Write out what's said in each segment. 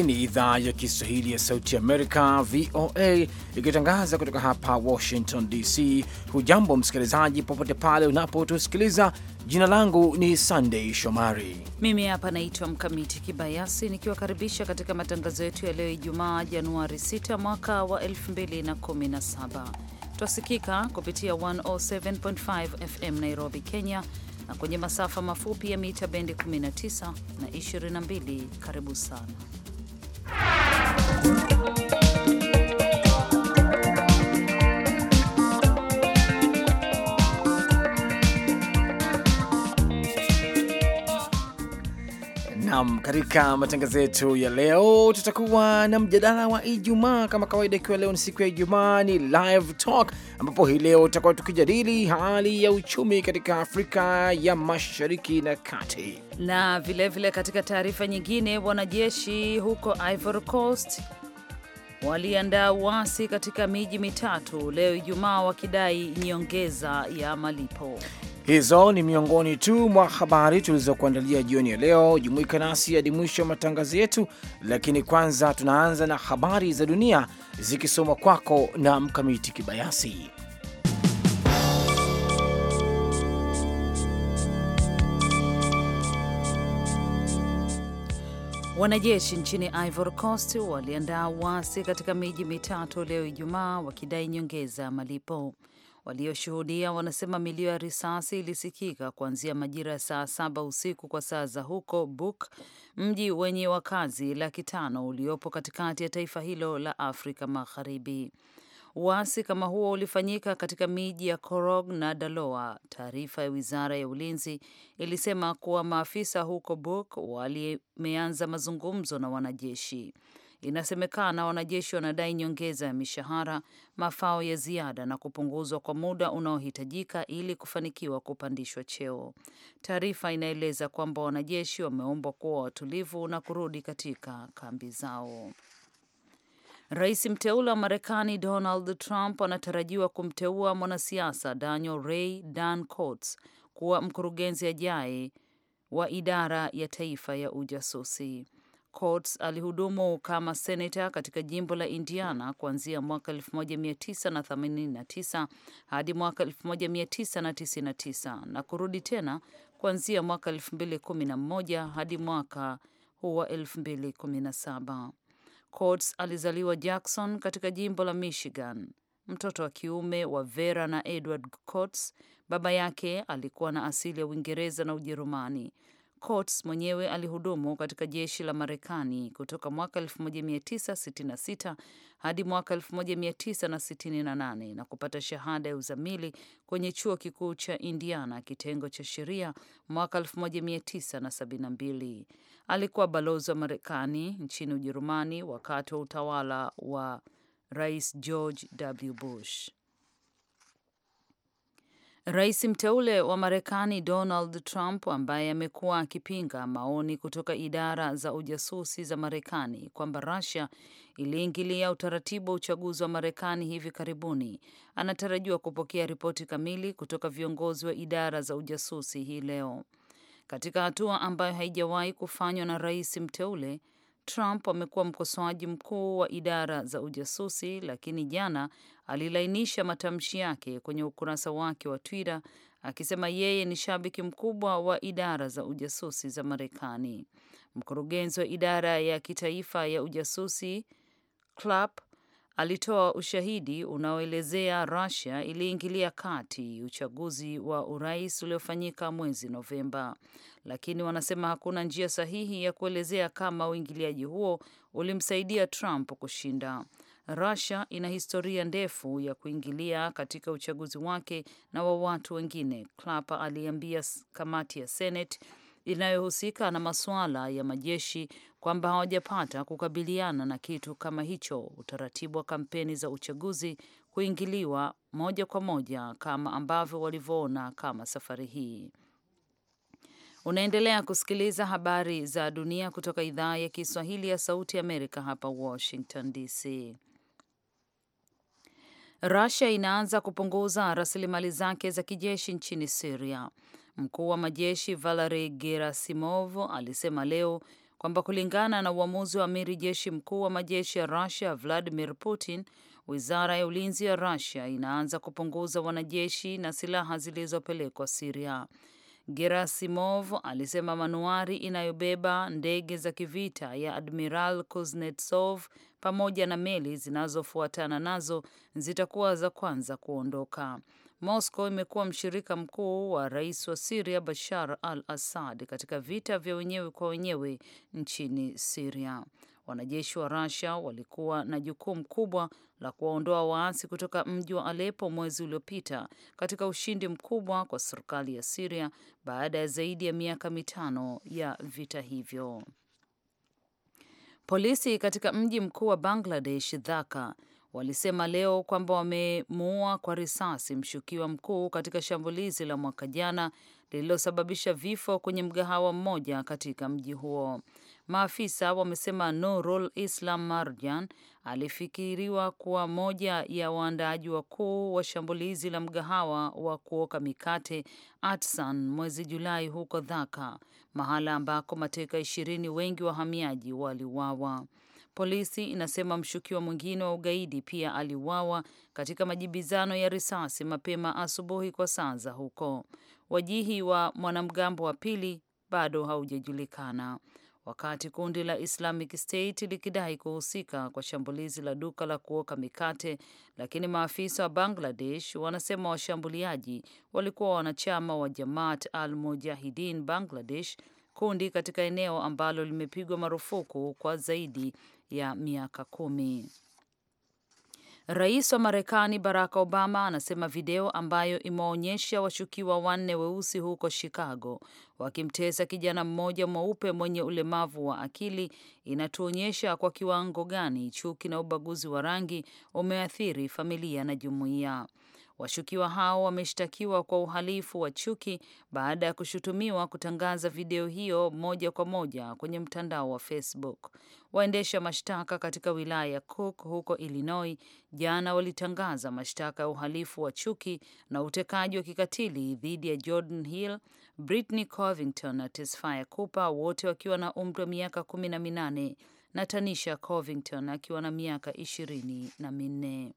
Hii ni idhaa ya Kiswahili ya Sauti Amerika, VOA, ikitangaza kutoka hapa Washington DC. Hujambo msikilizaji, popote pale unapotusikiliza. Jina langu ni Sandei Shomari, mimi hapa naitwa Mkamiti Kibayasi, nikiwakaribisha katika matangazo yetu ya leo Ijumaa, Januari 6 mwaka wa 2017. Twasikika kupitia 107.5 FM Nairobi, Kenya, na kwenye masafa mafupi ya mita bendi 19 na 22. Karibu sana Thank you. Naam, katika matangazo yetu ya leo tutakuwa na mjadala wa Ijumaa kama kawaida, ikiwa leo ni siku ya Ijumaa ni live talk, ambapo hii leo tutakuwa tukijadili hali ya uchumi katika Afrika ya Mashariki na Kati, na vilevile vile katika taarifa nyingine, wanajeshi huko Ivory Coast waliandaa uasi katika miji mitatu leo Ijumaa wakidai nyongeza ya malipo. Hizo ni miongoni tu mwa habari tulizokuandalia jioni ya leo. Jumuika nasi hadi mwisho wa matangazo yetu, lakini kwanza tunaanza na habari za dunia zikisomwa kwako na Mkamiti Kibayasi. Wanajeshi nchini Ivory Coast waliandaa uasi katika miji mitatu leo Ijumaa, wakidai nyongeza ya malipo. Walioshuhudia wanasema milio ya risasi ilisikika kuanzia majira ya saa saba usiku kwa saa za huko Buk, mji wenye wakazi laki tano uliopo katikati ya taifa hilo la Afrika Magharibi. Uasi kama huo ulifanyika katika miji ya Korog na Daloa. Taarifa ya wizara ya ulinzi ilisema kuwa maafisa huko Buk walimeanza mazungumzo na wanajeshi. Inasemekana wanajeshi wanadai nyongeza ya mishahara, mafao ya ziada na kupunguzwa kwa muda unaohitajika ili kufanikiwa kupandishwa cheo. Taarifa inaeleza kwamba wanajeshi wameombwa kuwa watulivu na kurudi katika kambi zao. Rais mteule wa Marekani Donald Trump anatarajiwa kumteua mwanasiasa Daniel Ray Dan Coats kuwa mkurugenzi ajaye wa idara ya taifa ya ujasusi. Coates alihudumu kama senata katika jimbo la Indiana kuanzia mwaka 1989 hadi mwaka 1999 na kurudi tena kuanzia mwaka 2011 hadi mwaka huu wa 2017. Coats alizaliwa Jackson katika jimbo la Michigan, mtoto wa kiume wa Vera na Edward Coats. Baba yake alikuwa na asili ya Uingereza na Ujerumani Coates mwenyewe alihudumu katika jeshi la Marekani kutoka mwaka 1966 hadi mwaka 1968 na kupata shahada ya uzamili kwenye chuo kikuu cha Indiana kitengo cha sheria mwaka 1972. Alikuwa balozi wa Marekani nchini Ujerumani wakati wa utawala wa Rais George W. Bush. Rais mteule wa Marekani Donald Trump ambaye amekuwa akipinga maoni kutoka idara za ujasusi za Marekani kwamba Russia iliingilia utaratibu wa uchaguzi wa Marekani hivi karibuni, anatarajiwa kupokea ripoti kamili kutoka viongozi wa idara za ujasusi hii leo. Katika hatua ambayo haijawahi kufanywa na rais mteule, Trump amekuwa mkosoaji mkuu wa idara za ujasusi, lakini jana alilainisha matamshi yake kwenye ukurasa wake wa Twitter akisema yeye ni shabiki mkubwa wa idara za ujasusi za Marekani. Mkurugenzi wa idara ya kitaifa ya ujasusi Clap alitoa ushahidi unaoelezea Russia iliingilia kati uchaguzi wa urais uliofanyika mwezi Novemba, lakini wanasema hakuna njia sahihi ya kuelezea kama uingiliaji huo ulimsaidia Trump kushinda. Russia ina historia ndefu ya kuingilia katika uchaguzi wake na wa watu wengine, Clapper aliambia kamati ya Senate inayohusika na masuala ya majeshi kwamba hawajapata kukabiliana na kitu kama hicho, utaratibu wa kampeni za uchaguzi kuingiliwa moja kwa moja kama ambavyo walivyoona kama safari hii. Unaendelea kusikiliza habari za dunia kutoka idhaa ya Kiswahili ya Sauti ya Amerika hapa Washington DC. Russia inaanza kupunguza rasilimali zake za kijeshi nchini Syria. Mkuu wa majeshi Valery Gerasimov alisema leo kwamba kulingana na uamuzi wa amiri jeshi mkuu wa majeshi ya Russia Vladimir Putin, wizara ya ulinzi ya Russia inaanza kupunguza wanajeshi na silaha zilizopelekwa Syria. Gerasimov alisema manuari inayobeba ndege za kivita ya Admiral Kuznetsov pamoja na meli zinazofuatana nazo zitakuwa za kwanza kuondoka. Moscow imekuwa mshirika mkuu wa rais wa Siria Bashar al Assad katika vita vya wenyewe kwa wenyewe nchini Siria. Wanajeshi wa rasia walikuwa na jukumu kubwa la kuwaondoa waasi kutoka mji wa alepo mwezi uliopita katika ushindi mkubwa kwa serikali ya siria baada ya zaidi ya miaka mitano ya vita hivyo. Polisi katika mji mkuu wa Bangladesh, Dhaka, walisema leo kwamba wamemuua kwa risasi mshukiwa mkuu katika shambulizi la mwaka jana lililosababisha vifo kwenye mgahawa mmoja katika mji huo. Maafisa wamesema Nurul Islam Marjan alifikiriwa kuwa moja ya waandaaji wakuu wa shambulizi la mgahawa wa kuoka mikate Atsan mwezi Julai huko Dhaka, mahala ambako mateka ishirini, wengi wahamiaji, waliuawa. Polisi inasema mshukiwa mwingine wa ugaidi pia aliuawa katika majibizano ya risasi mapema asubuhi kwa saa za huko. Wajihi wa mwanamgambo wa pili bado haujajulikana wakati kundi la Islamic State likidai kuhusika kwa shambulizi la duka la kuoka mikate, lakini maafisa wa Bangladesh wanasema washambuliaji walikuwa wanachama wa Jamaat al mujahidin Bangladesh, kundi katika eneo ambalo limepigwa marufuku kwa zaidi ya miaka kumi. Rais wa Marekani Barack Obama anasema video ambayo imewaonyesha washukiwa wanne weusi huko Chicago wakimtesa kijana mmoja mweupe mwenye ulemavu wa akili inatuonyesha kwa kiwango gani chuki na ubaguzi wa rangi umeathiri familia na jumuiya. Washukiwa hao wameshtakiwa kwa uhalifu wa chuki baada ya kushutumiwa kutangaza video hiyo moja kwa moja kwenye mtandao wa Facebook. Waendesha mashtaka katika wilaya ya Cook huko Illinois jana walitangaza mashtaka ya uhalifu wa chuki na utekaji wa kikatili dhidi ya Jordan Hill, Britney Covington na Tesfaye Cooper, wote wakiwa na umri wa miaka kumi na minane na Tanisha Covington akiwa na miaka ishirini na minne.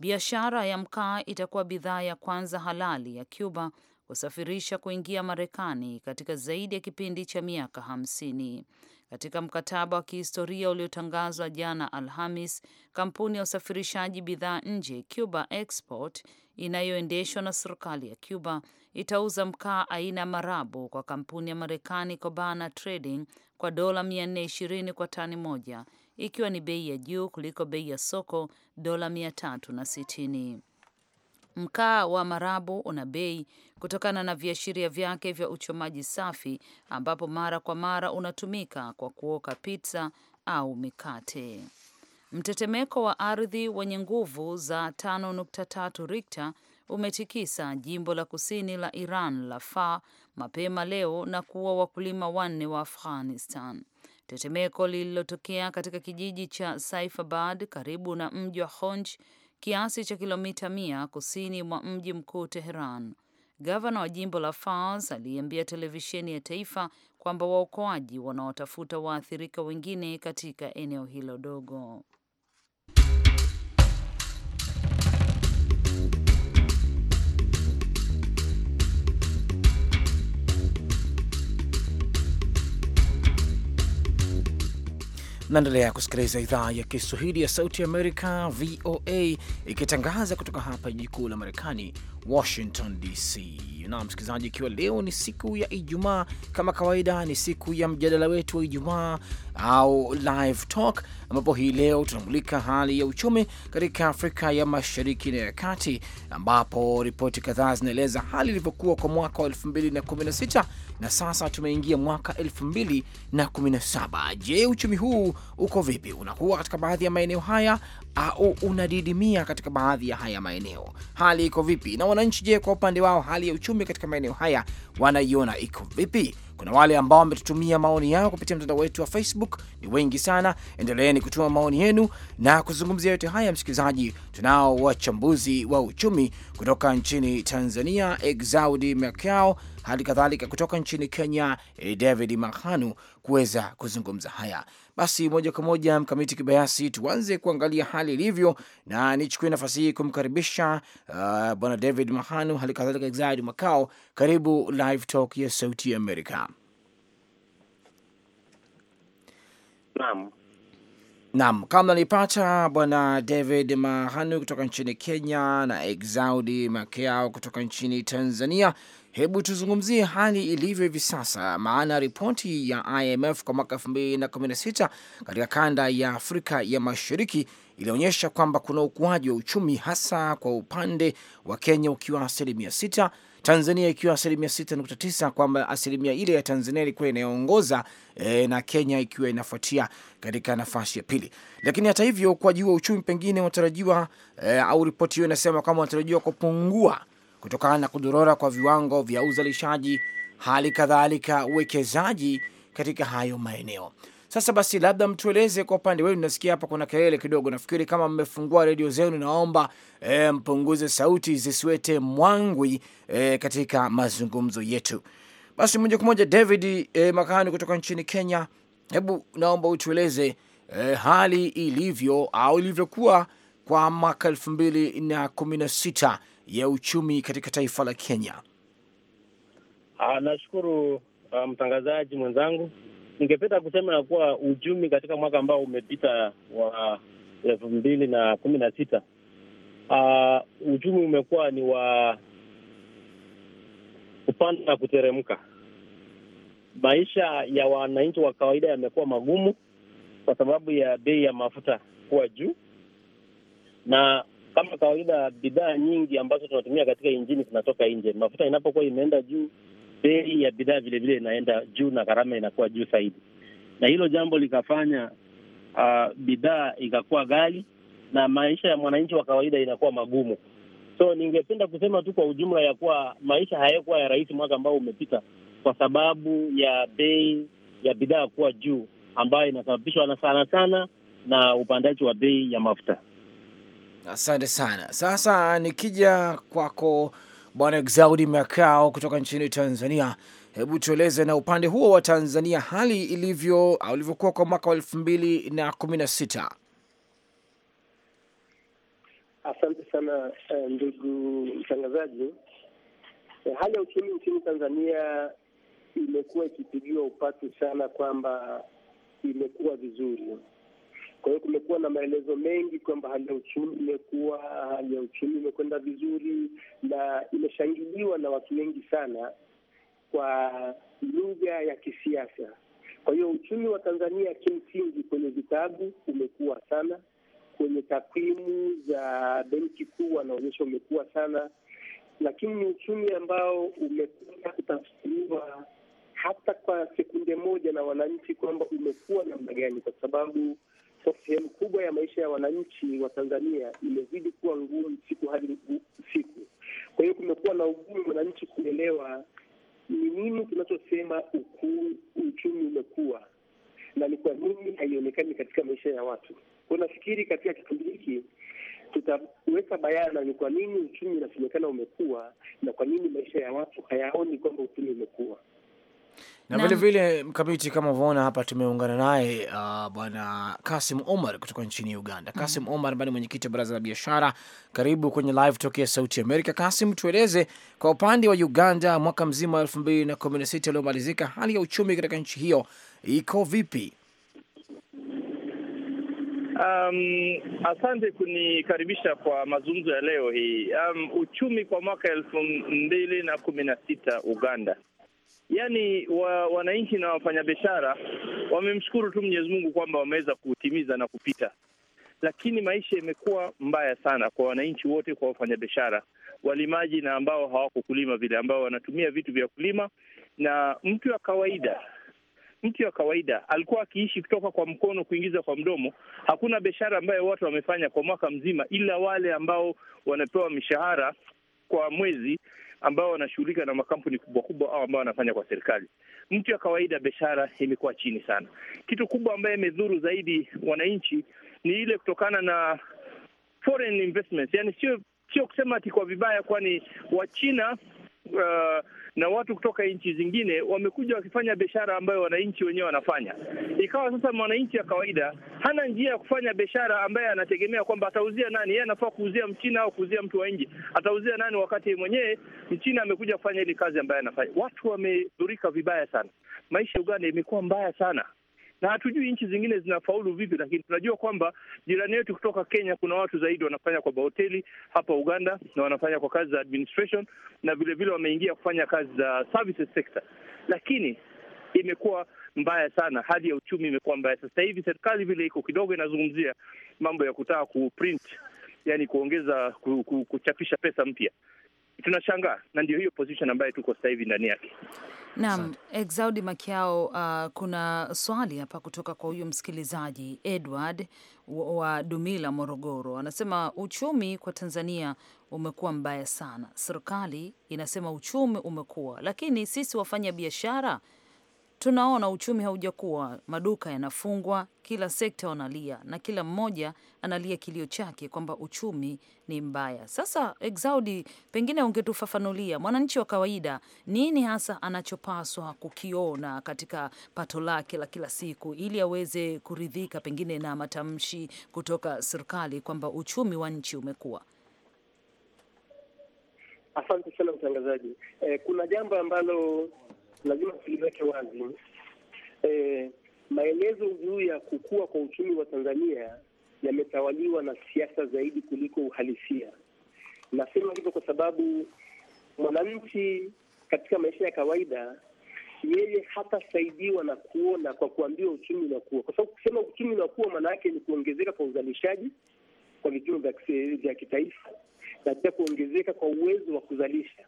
Biashara ya mkaa itakuwa bidhaa ya kwanza halali ya Cuba kusafirisha kuingia Marekani katika zaidi ya kipindi cha miaka hamsini. Katika mkataba wa kihistoria uliotangazwa jana Alhamis, kampuni ya usafirishaji bidhaa nje Cuba Export inayoendeshwa na serikali ya Cuba itauza mkaa aina ya marabu kwa kampuni ya Marekani Cobana Trading kwa dola 420 kwa tani moja ikiwa ni bei ya juu kuliko bei ya soko dola 360. Mkaa wa marabu una bei kutokana na viashiria vyake vya uchomaji safi, ambapo mara kwa mara unatumika kwa kuoka pizza au mikate. Mtetemeko wa ardhi wenye nguvu za 5.3 Richter umetikisa jimbo la kusini la Iran la Fa mapema leo na kuua wakulima wanne wa Afghanistan. Tetemeko lililotokea katika kijiji cha Saifabad karibu na mji wa Honj, kiasi cha kilomita mia kusini mwa mji mkuu Teheran. Gavana wa jimbo la Fars aliambia televisheni ya taifa kwamba waokoaji wanaotafuta waathirika wengine katika eneo hilo dogo. Naendelea kusikiliza idhaa ya Kiswahili ya Sauti Amerika, VOA, ikitangaza kutoka hapa jiji kuu la Marekani, Washington DC. Na msikilizaji, ikiwa leo ni siku ya Ijumaa, kama kawaida, ni siku ya mjadala wetu wa Ijumaa au live talk, ambapo hii leo tunamulika hali ya uchumi katika Afrika ya Mashariki na ya Kati, ambapo ripoti kadhaa zinaeleza hali ilivyokuwa kwa mwaka wa 2016 na sasa tumeingia mwaka 2017. Je, uchumi huu uko vipi? Unakuwa katika baadhi ya maeneo haya au unadidimia katika baadhi ya haya maeneo? Hali iko vipi? Na wananchi, je, kwa upande wao hali ya uchumi katika maeneo haya wanaiona iko vipi? Kuna wale ambao wametutumia maoni yao kupitia mtandao wetu wa Facebook, ni wengi sana. Endeleeni kutuma maoni yenu na kuzungumzia yote haya. Msikilizaji, tunao wachambuzi wa uchumi kutoka nchini Tanzania, Exaudi Macao, hali kadhalika kutoka nchini Kenya, David Mahanu, kuweza kuzungumza haya. Basi moja kwa moja, Mkamiti Kibayasi, tuanze kuangalia hali ilivyo, na nichukue nafasi hii kumkaribisha uh, bwana David Mahanu, hali kadhalika Zaid Makao. Karibu Live Talk ya Sauti ya Amerika. Naam. Naam, kama nalipata bwana David Mahanu kutoka nchini Kenya na Exaudi Makeao kutoka nchini Tanzania. Hebu tuzungumzie hali ilivyo hivi sasa, maana ripoti ya IMF kwa mwaka 2016 katika kanda ya Afrika ya Mashariki ilionyesha kwamba kuna ukuaji wa uchumi hasa kwa upande wa Kenya ukiwa asilimia sita, Tanzania ikiwa asilimia sita nukta tisa, kwamba asilimia ile ya Tanzania ilikuwa inayoongoza e, na Kenya ikiwa inafuatia katika nafasi ya pili. Lakini hata hivyo ukuaji wa uchumi pengine unatarajiwa e, au ripoti hiyo inasema kwamba unatarajiwa kupungua kutokana na kudorora kwa viwango vya uzalishaji, hali kadhalika uwekezaji katika hayo maeneo. Sasa basi, labda mtueleze kwa upande wenu. Nasikia hapa kuna kelele kidogo, nafikiri kama mmefungua redio zenu, naomba e, mpunguze sauti zisiwete mwangwi e, katika mazungumzo yetu. Basi moja kwa moja David e, eh, Makani kutoka nchini Kenya, hebu naomba utueleze e, hali ilivyo au ilivyokuwa kwa mwaka elfu mbili na kumi na sita ya uchumi katika taifa la Kenya? Ah, nashukuru uh, mtangazaji mwenzangu. Ningependa kusema ya kuwa uchumi katika mwaka ambao umepita wa elfu mbili na kumi na sita ah, uchumi umekuwa ni wa kupanda na kuteremka. Maisha ya wananchi wa kawaida yamekuwa magumu kwa sababu ya bei ya mafuta kuwa juu, na kama kawaida, bidhaa nyingi ambazo tunatumia katika injini zinatoka nje. Mafuta inapokuwa imeenda juu, bei ya bidhaa vilevile inaenda juu na gharama inakuwa juu zaidi, na hilo jambo likafanya uh, bidhaa ikakuwa ghali na maisha ya mwananchi wa kawaida inakuwa magumu. So ningependa kusema tu kwa ujumla ya kuwa maisha hayakuwa ya rahisi mwaka ambao umepita, kwa sababu ya bei ya bidhaa kuwa juu, ambayo inasababishwa na sana sana na upandaji wa bei ya mafuta. Asante sana. Sasa nikija kwako Bwana Exaudi Macao kutoka nchini Tanzania, hebu tueleze na upande huo wa Tanzania hali ilivyo au ilivyokuwa kwa mwaka wa elfu mbili na kumi na sita. Asante sana eh, ndugu mtangazaji. Eh, hali ya uchumi nchini Tanzania imekuwa ikipigiwa upatu sana kwamba imekuwa vizuri kwa hiyo kumekuwa na maelezo mengi kwamba hali ya uchumi imekuwa, hali ya uchumi imekwenda vizuri na imeshangiliwa na watu wengi sana kwa lugha ya kisiasa. Kwa hiyo uchumi wa Tanzania kimsingi, kwenye vitabu umekuwa sana, kwenye takwimu za benki kuu wanaonyesha umekuwa sana, lakini ni uchumi ambao umekwenda kutafsiriwa hata kwa sekunde moja na wananchi kwamba umekuwa namna gani, kwa sababu kwa sehemu kubwa ya maisha ya wananchi wa Tanzania imezidi kuwa ngumu siku hadi siku. Kwa hiyo kumekuwa na ugumu wananchi kuelewa ni nini tunachosema ukuu uchumi umekuwa na ni kwa nini haionekani katika maisha ya watu. Kwa nafikiri katika kipindi hiki tutaweka bayana ni kwa nini uchumi unasemekana umekuwa na kwa nini maisha ya watu hayaoni kwamba uchumi umekuwa na vilevile mkamiti, kama umeona hapa, tumeungana naye uh, bwana Kasim Omar kutoka nchini Uganda. Mm-hmm. Kasim mm. Omar ambaye ni mwenyekiti wa baraza la biashara. Karibu kwenye live tokea Sauti Amerika. Kasim, tueleze kwa upande wa Uganda, mwaka mzima wa elfu mbili na kumi na sita uliomalizika, hali ya uchumi katika nchi hiyo iko vipi? Um, asante kunikaribisha kwa mazungumzo ya leo hii. Um, uchumi kwa mwaka elfu mbili na kumi na sita Uganda yani wa, wananchi na wafanyabiashara wamemshukuru tu Mwenyezi Mungu kwamba wameweza kutimiza na kupita, lakini maisha imekuwa mbaya sana kwa wananchi wote, kwa wafanyabiashara, walimaji na ambao hawako kulima vile, ambao wanatumia vitu vya kulima, na mtu wa kawaida mtu wa kawaida alikuwa akiishi kutoka kwa mkono kuingiza kwa mdomo. Hakuna biashara ambayo watu wamefanya kwa mwaka mzima, ila wale ambao wanapewa mishahara kwa mwezi ambao wanashughulika na makampuni kubwa kubwa au ambao wanafanya kwa serikali. Mtu ya kawaida biashara imekuwa chini sana. Kitu kubwa ambayo imedhuru zaidi wananchi ni ile kutokana na foreign investments, yani sio sio kusema ati kwa vibaya, kwani Wachina uh, na watu kutoka nchi zingine wamekuja wakifanya biashara ambayo wananchi wenyewe wanafanya. Ikawa sasa mwananchi wa kawaida hana njia ya kufanya biashara ambaye anategemea kwamba atauzia nani, yeye anafaa kuuzia Mchina au kuuzia mtu wa nje, atauzia nani wakati mwenyewe Mchina amekuja kufanya ile kazi ambaye anafanya. Watu wamedhurika vibaya sana, maisha ya Uganda imekuwa mbaya sana na hatujui nchi zingine zinafaulu vipi, lakini tunajua kwamba jirani yetu kutoka Kenya kuna watu zaidi wanafanya kwa bahoteli hapa Uganda na wanafanya kwa kazi za administration na vilevile wameingia kufanya kazi za services sector, lakini imekuwa mbaya sana. Hali ya uchumi imekuwa mbaya. Sasa hivi serikali vile iko kidogo inazungumzia mambo ya kutaka kuprint, yani kuongeza kuchapisha pesa mpya, tunashangaa, na ndio hiyo position ambayo tuko sasa hivi ndani yake. Naam, Exaudi Makiao, uh, kuna swali hapa kutoka kwa huyu msikilizaji Edward wa Dumila, Morogoro, anasema uchumi kwa Tanzania umekuwa mbaya sana. Serikali inasema uchumi umekuwa, lakini sisi wafanya biashara tunaona uchumi haujakuwa, maduka yanafungwa, kila sekta wanalia na kila mmoja analia kilio chake kwamba uchumi ni mbaya. Sasa Exaudi, pengine ungetufafanulia mwananchi wa kawaida nini hasa anachopaswa kukiona katika pato lake la kila siku, ili aweze kuridhika pengine na matamshi kutoka serikali kwamba uchumi wa nchi umekuwa Asante sana mtangazaji. Eh, kuna jambo ambalo lazima tuiweke wazi e, maelezo juu ya kukua kwa uchumi wa Tanzania yametawaliwa na siasa zaidi kuliko uhalisia. Nasema hivyo kwa sababu mwananchi katika maisha ya kawaida yeye hatasaidiwa na kuona kwa kuambiwa uchumi unakuwa, kwa sababu kusema uchumi unakuwa maana yake ni kuongezeka kwa uzalishaji kwa vipimo vya kitaifa na pia kuongezeka kwa uwezo wa kuzalisha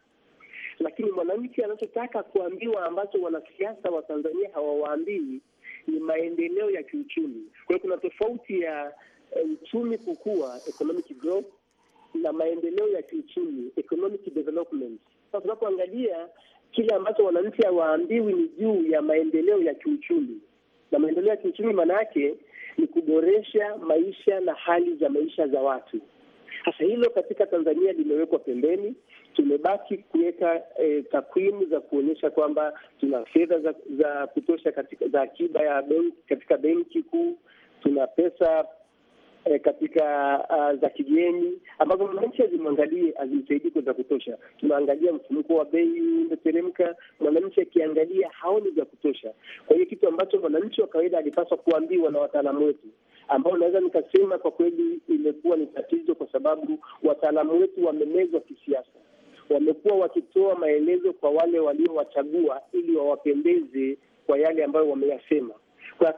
lakini mwananchi anachotaka kuambiwa ambacho wanasiasa wa Tanzania hawawaambii ni maendeleo ya kiuchumi. Kwa hiyo kuna tofauti ya eh, uchumi kukua, economic growth, na maendeleo ya kiuchumi, economic development. Sasa tunapoangalia kile ambacho wananchi hawaambiwi ni juu ya maendeleo ya kiuchumi, na maendeleo ya kiuchumi maana yake ni kuboresha maisha na hali za maisha za watu. Sasa hilo katika Tanzania limewekwa pembeni. Tumebaki kuweka eh, takwimu za kuonyesha kwamba tuna fedha za, za kutosha katika, za akiba ya benki katika benki kuu tuna pesa eh, katika uh, za kigeni ambazo mwananchi azimwangalie azimsaidiko za kutosha. Tunaangalia mfumuko wa bei umeteremka, mwananchi akiangalia haoni vya kutosha. Kwa hiyo kitu ambacho mwananchi wa kawaida alipaswa kuambiwa na wataalamu wetu ambao naweza nikasema kwa kweli imekuwa ni tatizo, kwa sababu wataalamu wetu wamemezwa kisiasa wamekuwa wakitoa maelezo kwa wale waliowachagua ili wawapendeze kwa yale ambayo wameyasema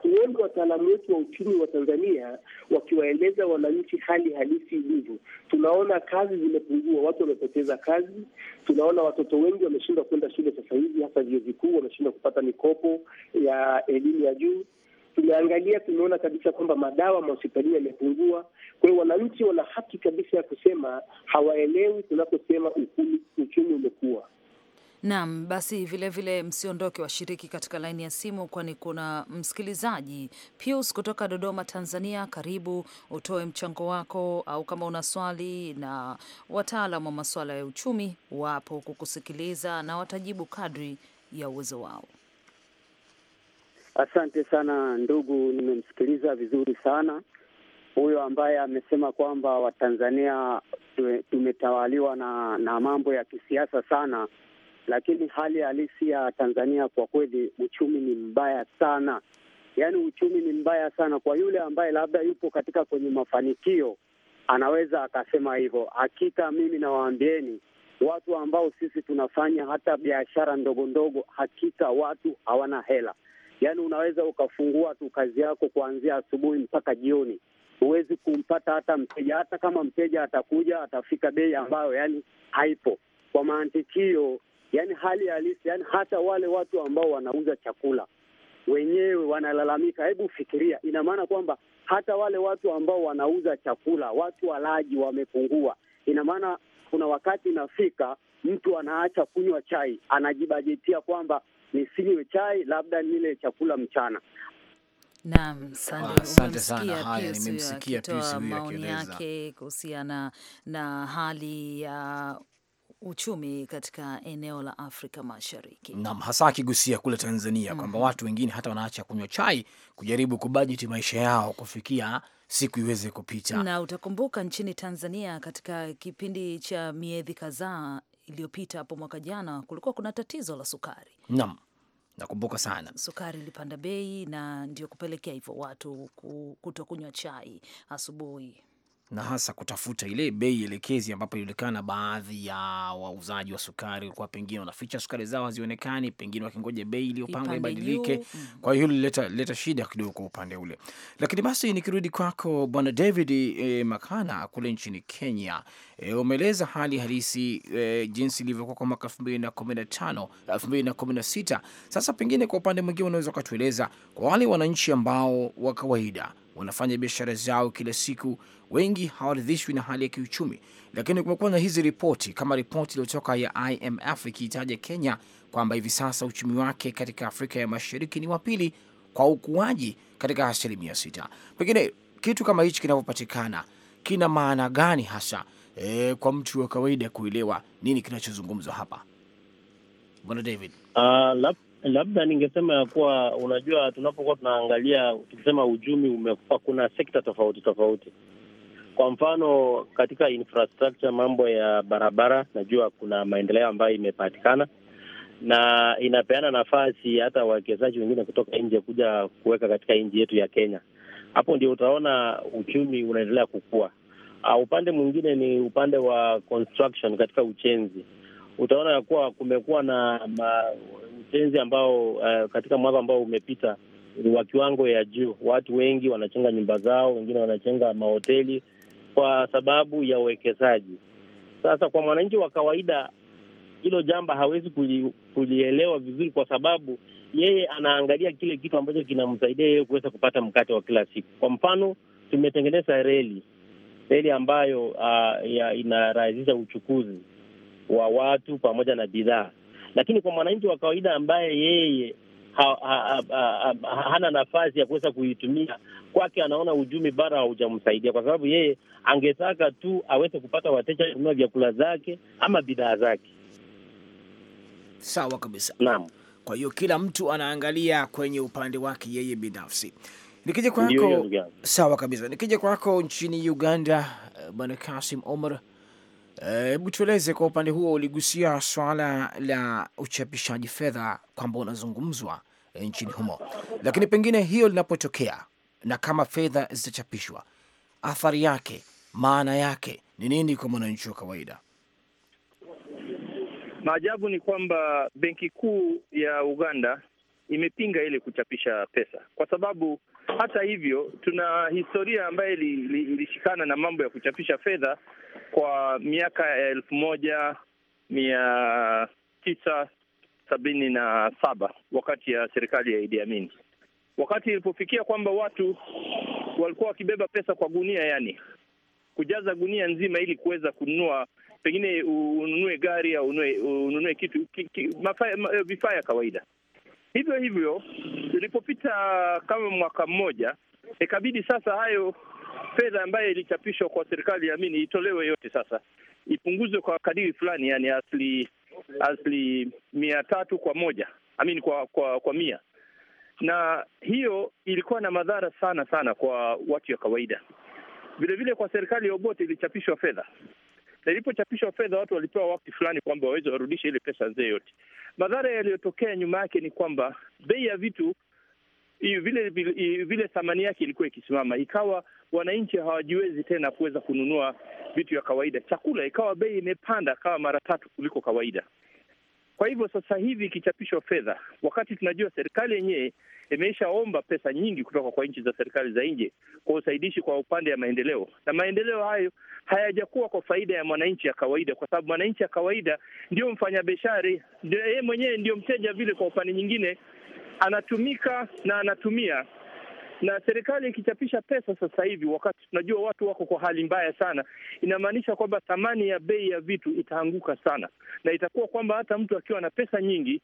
wengi wataalamu wetu wa uchumi wa Tanzania wakiwaeleza wananchi hali halisi ilivyo. Tunaona kazi zimepungua, watu wamepoteza kazi. Tunaona watoto wengi wameshindwa kwenda shule sasa hivi, hasa vyuo vikuu, wameshindwa kupata mikopo ya elimu ya juu. Tumeangalia, tumeona kabisa kwamba madawa mahospitalini yamepungua. Kwa hiyo wananchi wana haki kabisa ya kusema hawaelewi tunaposema uchumi umekuwa Naam, basi vilevile msiondoke washiriki katika laini ya simu, kwani kuna msikilizaji Pius kutoka Dodoma, Tanzania. Karibu utoe mchango wako, au kama una swali, na wataalam wa masuala ya uchumi wapo kukusikiliza na watajibu kadri ya uwezo wao. Asante sana ndugu, nimemsikiliza vizuri sana huyo ambaye amesema kwamba Watanzania tumetawaliwa na, na mambo ya kisiasa sana lakini hali halisi ya Tanzania kwa kweli, uchumi ni mbaya sana, yaani uchumi ni mbaya sana. Kwa yule ambaye labda yupo katika kwenye mafanikio anaweza akasema hivyo. Hakika mimi nawaambieni watu ambao sisi tunafanya hata biashara ndogo ndogo, hakika watu hawana hela. Yaani unaweza ukafungua tu kazi yako kuanzia asubuhi mpaka jioni, huwezi kumpata hata mteja. Hata kama mteja atakuja, atafika bei ambayo yani haipo. Kwa maantikio, yani hali halisi, yani hata wale watu ambao wanauza chakula wenyewe wanalalamika. Hebu fikiria, ina maana kwamba hata wale watu ambao wanauza chakula, watu walaji wamepungua. Ina maana kuna wakati inafika mtu anaacha kunywa chai, anajibajetia kwamba nisinywe chai, labda nile chakula mchana. Naam, asante ah, sana. Haya, nimemsikia maoni yake kuhusiana na hali ya uh, uchumi katika eneo la Afrika Mashariki, nam hasa akigusia kule Tanzania mm kwamba watu wengine hata wanaacha kunywa chai kujaribu kubajeti maisha yao kufikia siku iweze kupita. Na utakumbuka nchini Tanzania katika kipindi cha miezi kadhaa iliyopita hapo mwaka jana kulikuwa kuna tatizo la sukari. Naam, nakumbuka sana, sukari ilipanda bei na ndio kupelekea hivyo watu kutokunywa chai asubuhi na hasa kutafuta ile bei elekezi, ambapo ilionekana baadhi ya wauzaji wa sukari walikuwa pengine wanaficha sukari zao hazionekani, pengine wakingoja bei iliyopangwa ibadilike. Kwa hiyo hilo lileta shida kidogo kwa upande ule. Lakini basi nikirudi kwako Bwana David e, Makana kule nchini Kenya, e, umeeleza hali halisi e, jinsi ilivyokuwa kwa mwaka elfu mbili na kumi na tano elfu mbili na kumi na sita Sasa pengine kwa upande mwingine unaweza ukatueleza kwa wale wananchi ambao wa kawaida wanafanya biashara zao kila siku, wengi hawaridhishwi na hali ya kiuchumi. Lakini kumekuwa na hizi ripoti kama ripoti iliyotoka ya IMF ikiitaja Kenya kwamba hivi sasa uchumi wake katika Afrika ya Mashariki ni wa pili kwa ukuaji katika asilimia sita. Pengine kitu kama hichi kinavyopatikana kina maana gani hasa e, kwa mtu wa kawaida kuelewa nini kinachozungumzwa hapa, Bwana David? Uh, Labda ningesema ya kuwa unajua, tunapokuwa tunaangalia tukisema uchumi umekua kuna sekta tofauti tofauti. Kwa mfano katika infrastructure, mambo ya barabara, najua kuna maendeleo ambayo imepatikana na inapeana nafasi hata wawekezaji wengine kutoka nje kuja kuweka katika nchi yetu ya Kenya. Hapo ndio utaona uchumi unaendelea kukua. Uh, upande mwingine ni upande wa construction, katika ujenzi utaona ya kuwa kumekuwa na ma, ujenzi ambao uh, katika mwaka ambao umepita wa kiwango ya juu. Watu wengi wanachenga nyumba zao, wengine wanachenga mahoteli kwa sababu ya uwekezaji. Sasa kwa mwananchi wa kawaida, hilo jambo hawezi kuli, kulielewa vizuri, kwa sababu yeye anaangalia kile kitu ambacho kinamsaidia yeye kuweza kupata mkate wa kila siku. Kwa mfano, tumetengeneza reli, reli ambayo uh, inarahisisha uchukuzi wa watu pamoja na bidhaa lakini kwa mwananchi wa kawaida ambaye yeye ha, ha, ha, ha, hana nafasi ya kuweza kuitumia kwake, anaona ujumi bara haujamsaidia kwa sababu yeye angetaka tu aweze kupata wateja kununua vyakula zake ama bidhaa zake. Sawa kabisa, naam. Kwa hiyo kila mtu anaangalia kwenye upande wake yeye binafsi. Nikija kwako, sawa kabisa. Nikija kwako nchini Uganda, eh, bwana Kasim Omar Hebu tueleze kwa upande huo, uligusia swala la uchapishaji fedha kwamba unazungumzwa e, nchini humo, lakini pengine hiyo linapotokea na kama fedha zitachapishwa, athari yake, maana yake ni nini kwa mwananchi wa kawaida? Maajabu ni kwamba benki kuu ya Uganda imepinga ile kuchapisha pesa kwa sababu hata hivyo, tuna historia ambayo ilishikana na mambo ya kuchapisha fedha kwa miaka ya elfu moja mia tisa sabini na saba wakati ya serikali ya Idi Amin, wakati ilipofikia kwamba watu walikuwa wakibeba pesa kwa gunia, yani kujaza gunia nzima ili kuweza kununua pengine ununue gari au ununue kitu vifaa ya kawaida. Hivyo hivyo ilipopita kama mwaka mmoja, ikabidi sasa hayo fedha ambayo ilichapishwa kwa serikali ya mini itolewe yote, sasa ipunguzwe kwa kadiri fulani, yani asli asli mia tatu kwa moja amini kwa kwa kwa mia, na hiyo ilikuwa na madhara sana sana kwa watu ya kawaida. Vilevile kwa serikali ya Obote ilichapishwa fedha na ilipochapishwa fedha, watu walipewa wakati fulani kwamba waweze warudishe ile pesa zee yote. Madhara yaliyotokea nyuma yake ni kwamba bei ya vitu vile vile thamani yake ilikuwa ikisimama, ikawa wananchi hawajiwezi tena kuweza kununua vitu vya kawaida. Chakula ikawa bei imepanda kama mara tatu kuliko kawaida. Kwa hivyo sasa hivi ikichapishwa fedha, wakati tunajua serikali yenyewe imeshaomba pesa nyingi kutoka kwa nchi za serikali za nje kwa usaidishi kwa upande ya maendeleo, na maendeleo hayo hayajakuwa kwa faida ya mwananchi ya kawaida, kwa sababu mwananchi ya kawaida ndio mfanyabiashara, yeye mwenyewe ndio mteja vile. Kwa upande nyingine, anatumika na anatumia na serikali ikichapisha pesa sasa hivi, wakati tunajua watu wako kwa hali mbaya sana, inamaanisha kwamba thamani ya bei ya vitu itaanguka sana, na itakuwa kwamba hata mtu akiwa na pesa nyingi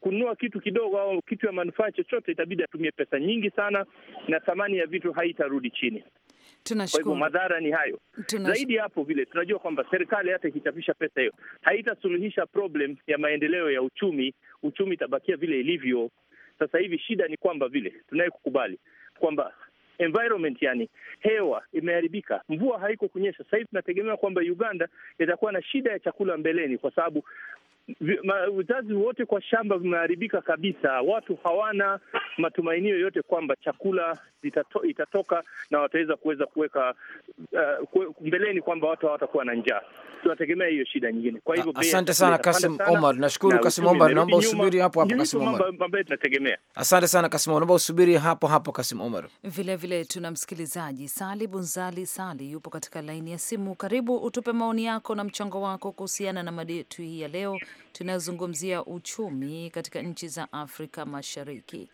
kununua kitu kidogo au kitu ya manufaa chochote, itabidi atumie pesa nyingi sana, na thamani ya vitu haitarudi chini. Tunashukuru. Kwa hivyo madhara ni hayo. Zaidi ya hapo, vile tunajua kwamba serikali hata ikichapisha pesa hiyo haitasuluhisha problem ya maendeleo ya uchumi. Uchumi itabakia vile ilivyo sasa hivi. Shida ni kwamba vile tunaye kukubali, kwamba environment yani hewa imeharibika, mvua haiko kunyesha. Sasa hivi tunategemea kwamba Uganda itakuwa na shida ya chakula mbeleni, kwa sababu wazazi wote kwa shamba vimeharibika kabisa. Watu hawana matumaini yoyote kwamba chakula itato, itatoka na wataweza kuweza kuweka uh, mbeleni kwamba watu hawatakuwa na njaa. Tunategemea hiyo shida nyingine. Kwa hivyo asante sana Kasim Omar, nashukuru Kasim Omar, naomba usubiri hapo hapo Kasim Omar, ambaye tunategemea. Asante sana Kasim Omar, naomba usubiri hapo hapo Kasim Omar. Vile vile tuna msikilizaji Sali Bunzali Sali yupo katika laini ya simu. Karibu utupe maoni yako na mchango wako kuhusiana na mada yetu hii ya leo tunazungumzia uchumi katika nchi za Afrika Mashariki.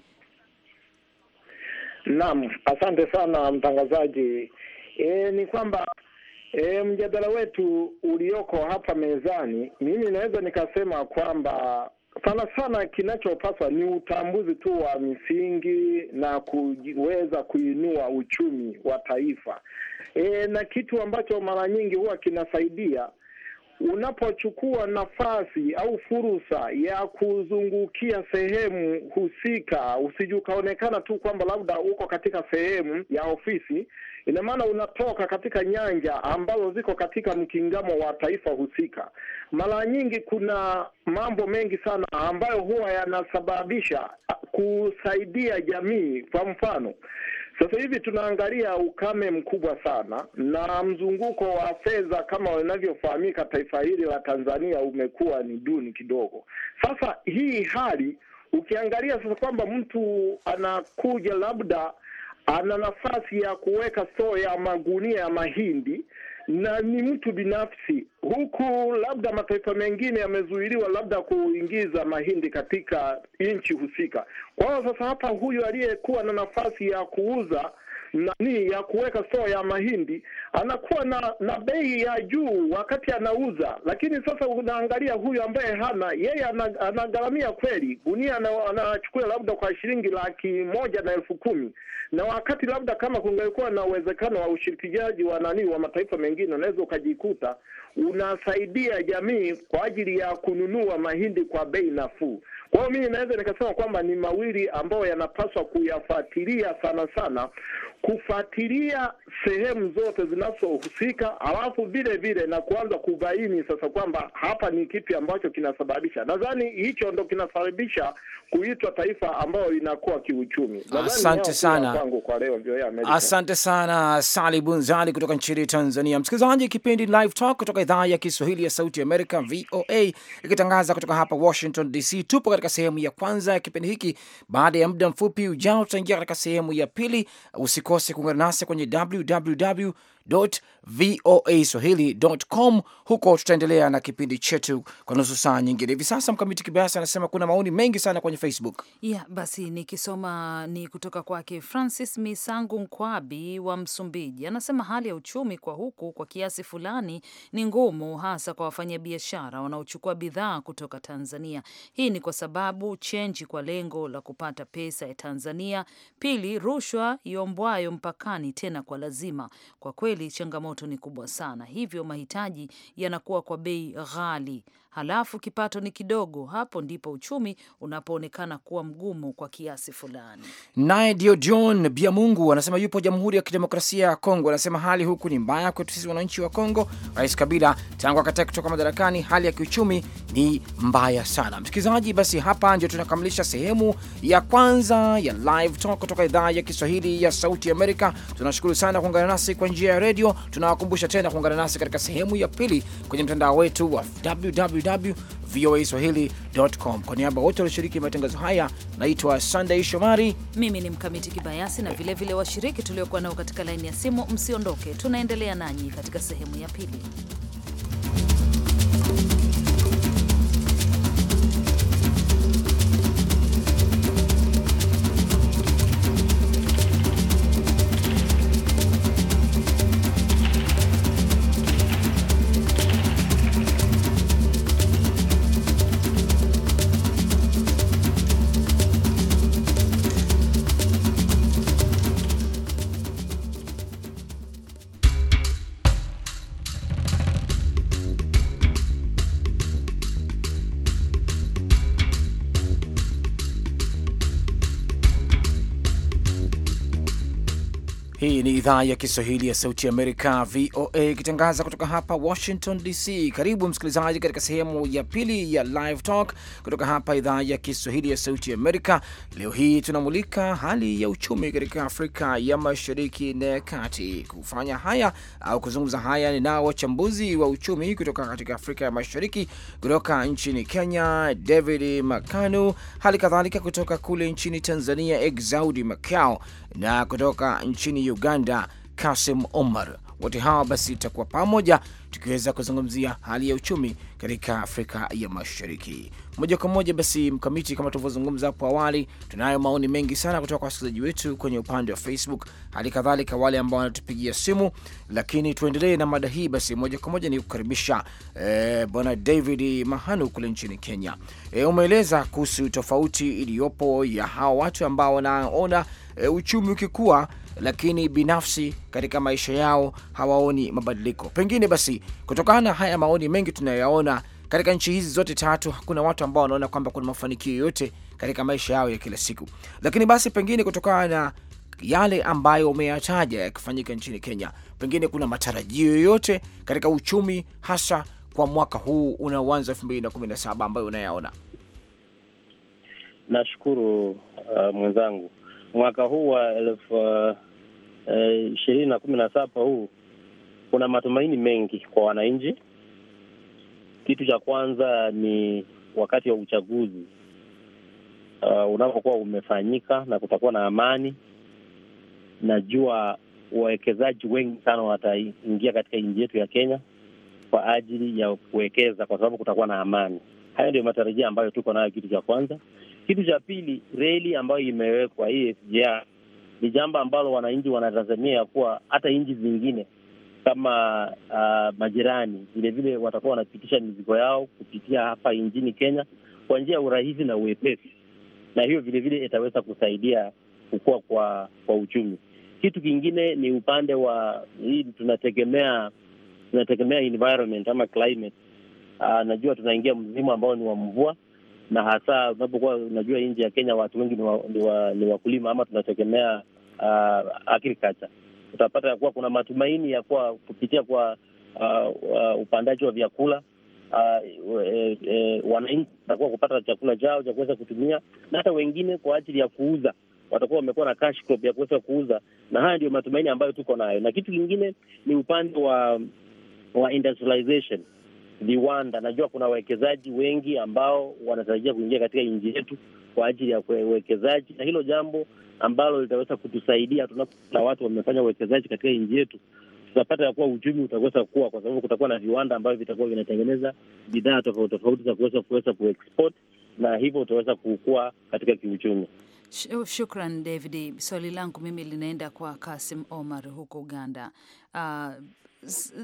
Naam, asante sana mtangazaji. E, ni kwamba e, mjadala wetu ulioko hapa mezani, mimi naweza nikasema kwamba sana sana kinachopaswa ni utambuzi tu wa misingi na kuweza kuinua uchumi wa taifa. E, na kitu ambacho mara nyingi huwa kinasaidia unapochukua nafasi au fursa ya kuzungukia sehemu husika, usije ukaonekana tu kwamba labda uko katika sehemu ya ofisi. Ina maana unatoka katika nyanja ambazo ziko katika mkingamo wa taifa husika. Mara nyingi kuna mambo mengi sana ambayo huwa yanasababisha kusaidia jamii, kwa mfano sasa hivi tunaangalia ukame mkubwa sana na mzunguko wa fedha kama inavyofahamika, taifa hili la Tanzania umekuwa ni duni kidogo. Sasa hii hali ukiangalia sasa kwamba mtu anakuja labda ana nafasi ya kuweka soo ya magunia ya mahindi na ni mtu binafsi, huku labda mataifa mengine yamezuiliwa labda kuingiza mahindi katika nchi husika. Kwa hiyo sasa hapa huyu aliyekuwa na nafasi ya kuuza nani ya kuweka soo ya mahindi anakuwa na na bei ya juu wakati anauza, lakini sasa unaangalia huyu ambaye hana yeye anagharamia kweli, gunia anachukua labda kwa shilingi laki moja na elfu kumi na wakati labda kama kungekuwa na uwezekano wa ushirikishaji wa nani wa mataifa mengine, unaweza ukajikuta unasaidia jamii kwa ajili ya kununua mahindi kwa bei nafuu. Kwa hiyo mimi naweza nikasema kwamba ni mawili ambayo yanapaswa kuyafuatilia sana sana, kufuatilia sehemu zote zinazohusika, alafu vile vile na kuanza kubaini sasa kwamba hapa ni kipi ambacho kinasababisha. Nadhani hicho ndo kinasababisha kuitwa taifa ambayo inakuwa kiuchumi. Asante sana, asante sana Sali Bunzali kutoka nchini Tanzania. Msikilizaji, kipindi Live Talk kutoka idhaa ya Kiswahili ya Sauti Amerika, VOA, ikitangaza kutoka hapa Washington DC. Tupo katika sehemu ya kwanza ya kipindi hiki. Baada ya muda mfupi ujao, tutaingia katika sehemu ya pili. usiku Usikose kuungana nasi kwenye www voa swahili Huko tutaendelea na kipindi chetu kwa nusu saa nyingine. Hivi sasa Mkamiti Kibayasi anasema kuna maoni mengi sana kwenye Facebook. Yeah, basi nikisoma ni kutoka kwake Francis Misangu Nkwabi wa Msumbiji, anasema hali ya uchumi kwa huku kwa kiasi fulani ni ngumu, hasa kwa wafanyabiashara wanaochukua bidhaa kutoka Tanzania. Hii ni kwa sababu chenji kwa lengo la kupata pesa ya Tanzania. Pili, rushwa iombwayo mpakani tena kwa lazima. Kwa kweli kweli changamoto ni kubwa sana, hivyo mahitaji yanakuwa kwa bei ghali halafu kipato ni kidogo, hapo ndipo uchumi unapoonekana kuwa mgumu kwa kiasi fulani. Naye Dio John Biamungu anasema yupo Jamhuri ya Kidemokrasia ya Kongo, anasema hali huku ni mbaya kwetu sisi wananchi wa Kongo. Rais Kabila tangu akataa kutoka madarakani, hali ya kiuchumi ni mbaya sana. Msikilizaji, basi hapa ndio tunakamilisha sehemu ya kwanza ya Live Talk kutoka idhaa ya Kiswahili ya Sauti Amerika. Tunashukuru sana kuungana nasi kwa njia ya redio. Tunawakumbusha tena kuungana nasi katika sehemu ya pili kwenye mtandao wetu wa www www.voaswahili.com. Kwa niaba wote walioshiriki matangazo haya, naitwa Sunday Shomari, mimi ni Mkamiti Kibayasi, na vilevile washiriki tuliokuwa nao katika laini ya simu. Msiondoke, tunaendelea nanyi katika sehemu ya pili. Hii ni idhaa ya Kiswahili ya Sauti Amerika, VOA, ikitangaza kutoka hapa Washington DC. Karibu msikilizaji, katika sehemu ya pili ya Live Talk kutoka hapa idhaa ya Kiswahili ya Sauti Amerika. Leo hii tunamulika hali ya uchumi katika Afrika ya Mashariki na ya Kati. Kufanya haya au kuzungumza haya, ninao wachambuzi wa uchumi kutoka katika Afrika ya Mashariki, kutoka nchini Kenya, David Makanu, hali kadhalika kutoka kule nchini Tanzania, Exaudi Macao, na kutoka nchini Uganda Kasim Omar. Wote hawa basi itakuwa pamoja tukiweza kuzungumzia hali ya uchumi katika Afrika ya Mashariki moja kwa moja. Basi Mkamiti, kama tulivyozungumza hapo awali, tunayo maoni mengi sana kutoka kwa wasikilizaji wetu kwenye upande wa Facebook, hali kadhalika wale ambao wanatupigia simu, lakini tuendelee na mada hii. Basi moja kwa moja ni kukaribisha eh, bwana David Mahanu kule nchini Kenya. Eh, umeeleza kuhusu tofauti iliyopo ya hawa watu ambao wanaona e, uchumi ukikua, lakini binafsi katika maisha yao hawaoni mabadiliko. Pengine basi kutokana na haya maoni mengi tunayoyaona katika nchi hizi zote tatu, hakuna watu ambao wanaona kwamba kuna mafanikio yoyote katika maisha yao ya kila siku. Lakini basi pengine kutokana na yale ambayo umeyataja yakifanyika nchini Kenya, pengine kuna matarajio yoyote katika uchumi hasa kwa mwaka huu unaoanza elfu mbili na kumi na saba ambayo unayaona? Nashukuru uh, mwenzangu mwaka huu wa elfu uh, uh, ishirini na kumi na saba huu kuna matumaini mengi kwa wananchi. Kitu cha kwanza ni wakati wa uchaguzi uh, unapokuwa umefanyika na kutakuwa na amani, najua wawekezaji wengi sana wataingia katika nchi yetu ya Kenya kwa ajili ya kuwekeza, kwa sababu kutakuwa na amani. Hayo ndio matarajio ambayo tuko nayo, kitu cha kwanza. Kitu cha pili, reli ambayo imewekwa hii SGR ni jambo ambalo wananchi wanatazamia ya kuwa hata nchi zingine kama uh, majirani vilevile watakuwa wanapitisha mizigo yao kupitia hapa nchini Kenya kwa njia ya urahisi na uwepesi, na hiyo vilevile itaweza kusaidia kukua kwa kwa uchumi. Kitu kingine ni upande wa hii, tunategemea tunategemea environment ama climate. Uh, najua tunaingia mzimu ambao ni wa mvua na hasa unapokuwa unajua nje ya Kenya watu wengi ni, wa, ni, wa, ni wakulima ama tunategemea uh, agriculture. Utapata ya kuwa kuna matumaini ya kuwa kupitia kwa uh, uh, upandaji wa vyakula uh, e, e, wananchi watakuwa kupata chakula chao cha kuweza kutumia na hata wengine kwa ajili ya kuuza watakuwa wamekuwa na cash crop ya kuweza kuuza, na haya ndio matumaini ambayo tuko nayo. Na kitu kingine ni upande wa wa industrialization viwanda. Najua kuna wawekezaji wengi ambao wanatarajia kuingia katika nchi yetu kwa ajili ya uwekezaji, na hilo jambo ambalo litaweza kutusaidia. Tunapokuwa watu wamefanya uwekezaji katika nchi yetu, tutapata ya kuwa uchumi utaweza kuwa kwa sababu kutakuwa na viwanda ambavyo vitakuwa vinatengeneza bidhaa tofauti tofauti za kuweza kuweza kuexport, na hivyo utaweza kukua katika kiuchumi. Oh, shukran David. Swali langu mimi linaenda kwa Kasim Omar huko Uganda. Uh,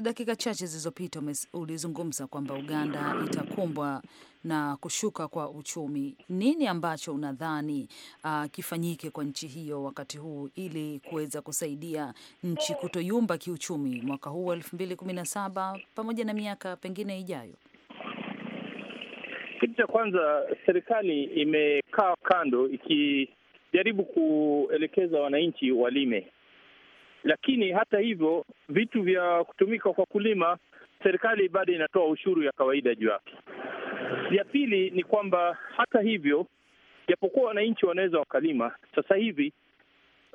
dakika chache zilizopita ulizungumza kwamba Uganda itakumbwa na kushuka kwa uchumi. Nini ambacho unadhani uh, kifanyike kwa nchi hiyo wakati huu ili kuweza kusaidia nchi kutoyumba kiuchumi mwaka huu wa elfu mbili kumi na saba pamoja na miaka pengine ijayo? Kitu cha kwanza, serikali imekaa kando ikijaribu kuelekeza wananchi walime lakini hata hivyo, vitu vya kutumika kwa kulima, serikali bado inatoa ushuru ya kawaida juu yake. Ya pili ni kwamba hata hivyo, japokuwa wananchi wanaweza wakalima, sasa hivi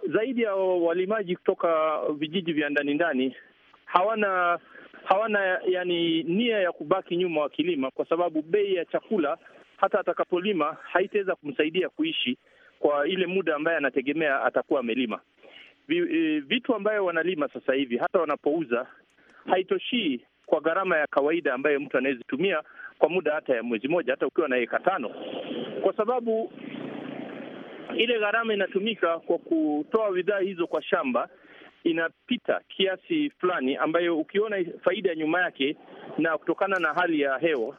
zaidi ya walimaji kutoka vijiji vya ndani ndani hawana hawana yani nia ya kubaki nyuma wakilima, kwa sababu bei ya chakula hata atakapolima haitaweza kumsaidia kuishi kwa ile muda ambaye anategemea atakuwa amelima. E, vitu ambayo wanalima sasa hivi hata wanapouza haitoshii kwa gharama ya kawaida ambayo mtu anaweza tumia kwa muda hata ya mwezi moja, hata ukiwa na eka tano, kwa sababu ile gharama inatumika kwa kutoa bidhaa hizo kwa shamba inapita kiasi fulani, ambayo ukiona faida ya nyuma yake, na kutokana na hali ya hewa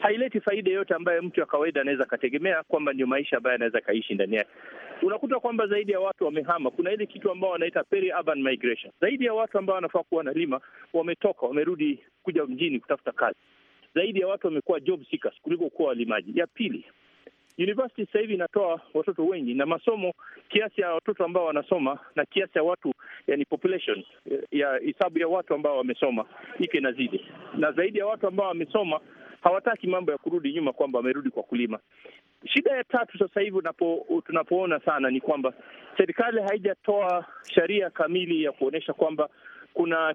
haileti faida yote ambayo mtu wa kawaida anaweza akategemea kwamba ndio maisha ambayo anaweza akaishi ndani yake unakuta kwamba zaidi ya watu wamehama. Kuna ile kitu ambao wanaita peri-urban migration. Zaidi ya watu ambao wanafaa kuwa wanalima wametoka, wamerudi kuja mjini kutafuta kazi. Zaidi ya watu wamekuwa job seekers kuliko kuwa walimaji. Ya pili, university sasa hivi inatoa watoto wengi na masomo, kiasi ya watoto ambao wanasoma na kiasi ya watu, yani population ya hesabu ya watu ambao wamesoma iko inazidi, na zaidi ya watu ambao wamesoma hawataki mambo ya kurudi nyuma kwamba wamerudi kwa kulima. Shida ya tatu sasa hivi unapo, tunapoona sana ni kwamba serikali haijatoa sheria kamili ya kuonyesha kwamba kuna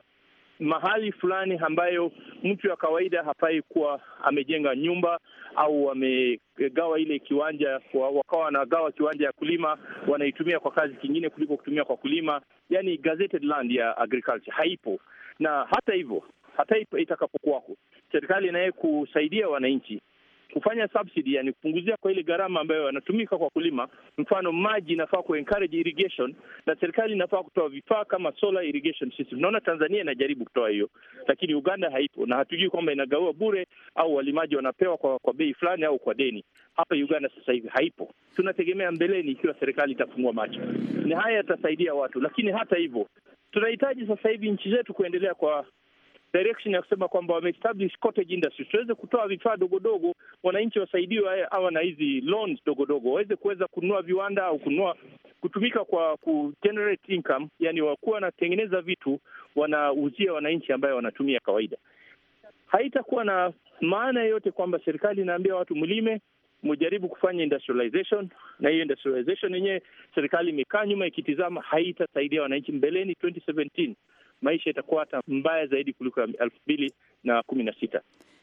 mahali fulani ambayo mtu wa kawaida hafai kuwa amejenga nyumba au wamegawa ile kiwanja, wakawa wanagawa kiwanja ya kulima, wanaitumia kwa kazi kingine kuliko kutumia kwa kulima, yani gazetted land ya agriculture haipo. Na hata hivyo hata itakapokuwako, serikali inaye kusaidia wananchi kufanya subsidy, yani kupunguzia kwa ile gharama ambayo yanatumika kwa kulima. Mfano, maji inafaa kuencourage irrigation, na serikali inafaa kutoa vifaa kama solar irrigation system. Naona Tanzania inajaribu kutoa hiyo, lakini Uganda haipo, na hatujui kwamba inagawa bure au walimaji wanapewa kwa, kwa bei fulani au kwa deni. Hapa Uganda sasa hivi haipo, tunategemea mbeleni, ikiwa serikali itafungua macho, ni haya yatasaidia watu, lakini hata hivyo tunahitaji sasa hivi nchi zetu kuendelea kwa direction ya kusema kwamba wameestablish cottage industry, tuweze kutoa vifaa dogodogo, wananchi wasaidiwe eh, hawa na hizi loans dogodogo, waweze kuweza kununua viwanda au kununua kutumika kwa ku generate income, yani wakuwa wanatengeneza vitu wanauzia wananchi ambayo wanatumia kawaida. Haitakuwa na maana yoyote kwamba serikali inaambia watu mlime mujaribu kufanya industrialization na hiyo industrialization yenyewe serikali imekaa nyuma ikitizama, haitasaidia wananchi mbeleni. 2017 maisha itakuwa hata mbaya zaidi kuliko ya elfu mbili na kumi na sita.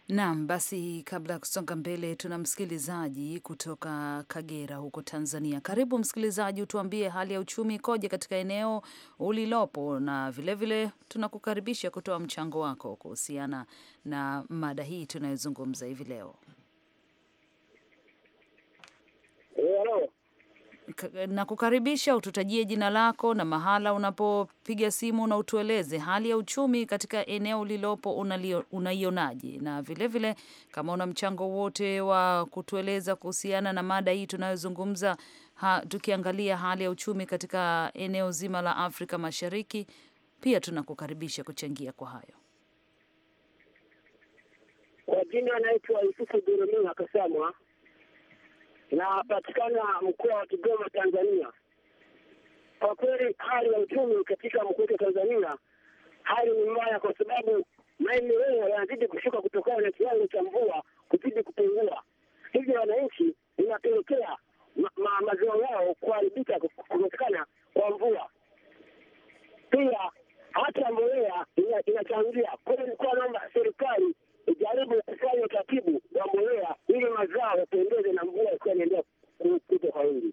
Naam, basi kabla ya kusonga mbele, tuna msikilizaji kutoka Kagera huko Tanzania. Karibu msikilizaji, utuambie hali ya uchumi ikoje katika eneo ulilopo, na vilevile tunakukaribisha kutoa mchango wako kuhusiana na mada hii tunayozungumza hivi leo. Eh, hello na kukaribisha ututajie jina lako na mahala unapopiga simu na utueleze hali ya uchumi katika eneo lilopo unaionaje, na vilevile vile, kama una mchango wote wa kutueleza kuhusiana na mada hii tunayozungumza ha, tukiangalia hali ya uchumi katika eneo zima la Afrika Mashariki, pia tunakukaribisha kuchangia kwa hayo. Kwa jina anaitwa Yusufu Durumia Kasamwa inapatikana mkoa wa Kigoma, Tanzania. Kwa kweli hali ya uchumi katika mkoa wa Tanzania hali ni mbaya, kwa sababu maendeleo yanazidi kushuka kutokana na kiwango cha mvua kuzidi kupungua, hivyo wananchi inapelekea mazao yao kuharibika kutokana kwa mvua. Pia hata mbolea inachangia. Kwa hiyo nilikuwa naomba serikali jaribu kufanya utaratibu wa mbolea ili mazao yapendeze na mvua ikiwa inaendelea kwa wingi.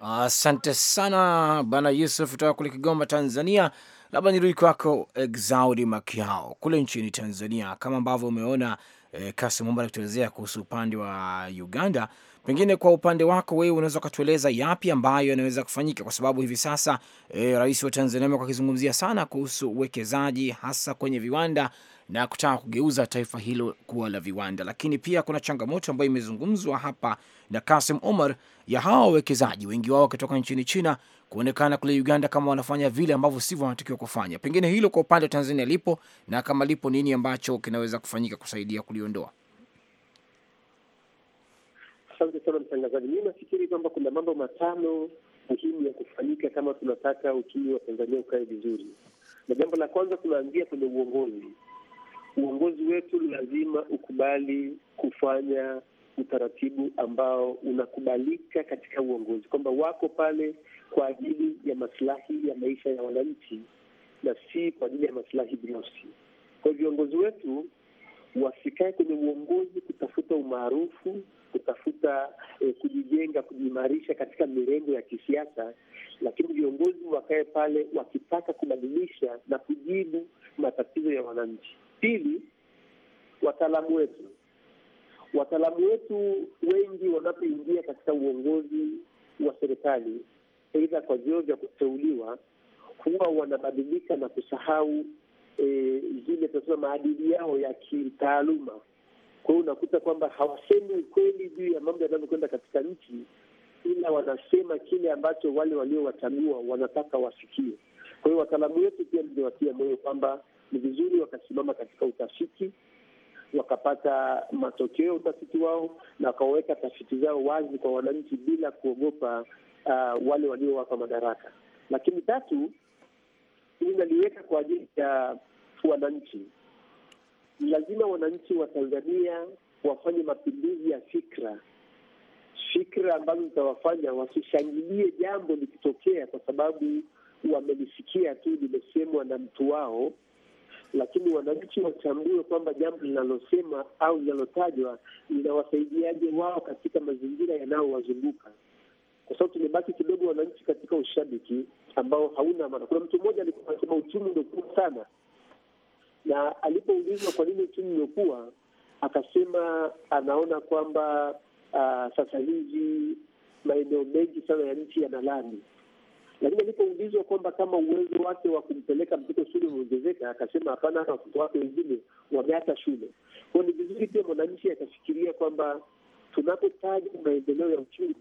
Asante sana Bwana Yusuf kutoka kule Kigoma, Tanzania. Labda nirudi kwako Exaudi Makiao kule nchini Tanzania, kama ambavyo umeona eh, Kasi Omba alituelezea kuhusu upande wa Uganda. Pengine kwa upande wako wewe unaweza ukatueleza yapi ambayo yanaweza kufanyika, kwa sababu hivi sasa eh, rais wa Tanzania amekuwa akizungumzia sana kuhusu uwekezaji hasa kwenye viwanda na kutaka kugeuza taifa hilo kuwa la viwanda. Lakini pia kuna changamoto ambayo imezungumzwa hapa na Kasim Omar ya hawa wawekezaji wengi wao wakitoka nchini China kuonekana kule Uganda kama wanafanya vile ambavyo sivyo wanatakiwa kufanya. Pengine hilo kwa upande wa Tanzania lipo na kama lipo, nini ambacho kinaweza kufanyika kusaidia kuliondoa? Asante sana mtangazaji. Mi nafikiri kwamba kuna mambo matano muhimu ya kufanyika kama tunataka uchumi wa Tanzania ukae vizuri, na jambo la kwanza tunaanzia kwenye uongozi uongozi wetu lazima ukubali kufanya utaratibu ambao unakubalika katika uongozi, kwamba wako pale kwa ajili ya masilahi ya maisha ya wananchi na si kwa ajili ya masilahi binafsi. Kwa hiyo viongozi wetu wasikae kwenye uongozi kutafuta umaarufu, kutafuta eh, kujijenga, kujiimarisha katika mirengo ya kisiasa, lakini viongozi wakae pale wakitaka kubadilisha na kujibu matatizo ya wananchi. Pili, wataalamu wetu wataalamu wetu wengi wanapoingia katika uongozi wa serikali, aidha kwa vyeo vya kuteuliwa, huwa wanabadilika na kusahau e, zile tunasema maadili yao ya kitaaluma. Kwa hiyo unakuta kwamba hawasemi ukweli juu ya mambo yanavyokwenda katika nchi, ila wanasema kile ambacho wale waliowachagua wanataka wasikie. Kwa hiyo wataalamu wetu pia niliwatia moyo kwamba ni vizuri wakasimama katika utafiti wakapata matokeo ya utafiti wao na wakaweka tafiti zao wazi kwa wananchi bila kuogopa uh, wale waliowapa madaraka. Lakini tatu, ninaliweka kwa ajili ya wananchi. Ni lazima wananchi wa Tanzania wafanye mapinduzi ya fikra, fikra ambazo zitawafanya wasishangilie jambo likitokea kwa sababu wamelisikia tu limesemwa na mtu wao, lakini wananchi wachambue kwamba jambo linalosema au linalotajwa linawasaidiaje wao katika mazingira yanayowazunguka kwa sababu tumebaki kidogo wananchi katika ushabiki ambao hauna maana. Kuna mtu mmoja alikuwa anasema uchumi umekuwa sana, na alipoulizwa kwa nini uchumi umekuwa, akasema anaona kwamba uh, sasa hivi maeneo mengi sana ya nchi yana lami lakini alipoulizwa kwamba kama uwezo wake wa kumpeleka mtoto shule umeongezeka, akasema hapana, watoto wake wengine wameacha shule. Kwao ni vizuri pia mwananchi akafikiria kwamba tunapotaja maendeleo ya uchumi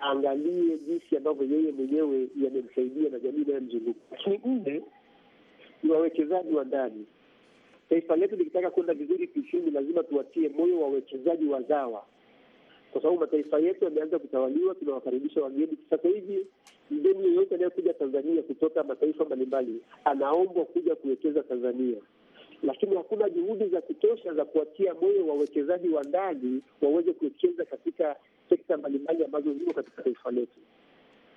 aangalie jinsi ambavyo yeye mwenyewe yamemsaidia na jamii inayomzunguka. Lakini nne ni wawekezaji wa ndani. Taifa letu likitaka kwenda vizuri kiuchumi, lazima tuwatie moyo wawekezaji wazawa, kwa sababu mataifa yetu yameanza kutawaliwa. Tunawakaribisha wageni sasa hivi. Mgeni yeyote anayekuja Tanzania kutoka mataifa mbalimbali anaombwa kuja kuwekeza Tanzania, lakini hakuna juhudi za kutosha za kuwatia moyo wawekezaji wa ndani waweze kuwekeza katika sekta mbalimbali ambazo ziko katika taifa letu.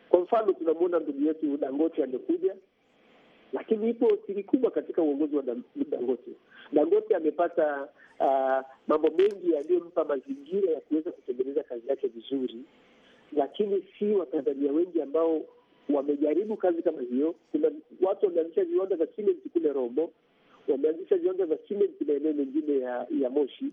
Kwa mfano, tunamwona ndugu yetu Dangote amekuja, lakini ipo siri kubwa katika uongozi wa Dangote. Dangote amepata uh, mambo mengi yaliyompa mazingira ya kuweza kutengeneza kazi yake vizuri, lakini si Watanzania wengi ambao wamejaribu kazi kama hiyo. Kuna watu wameanzisha viwanda vya simenti kule Rombo, wameanzisha viwanda vya simenti maeneo mengine ya, ya Moshi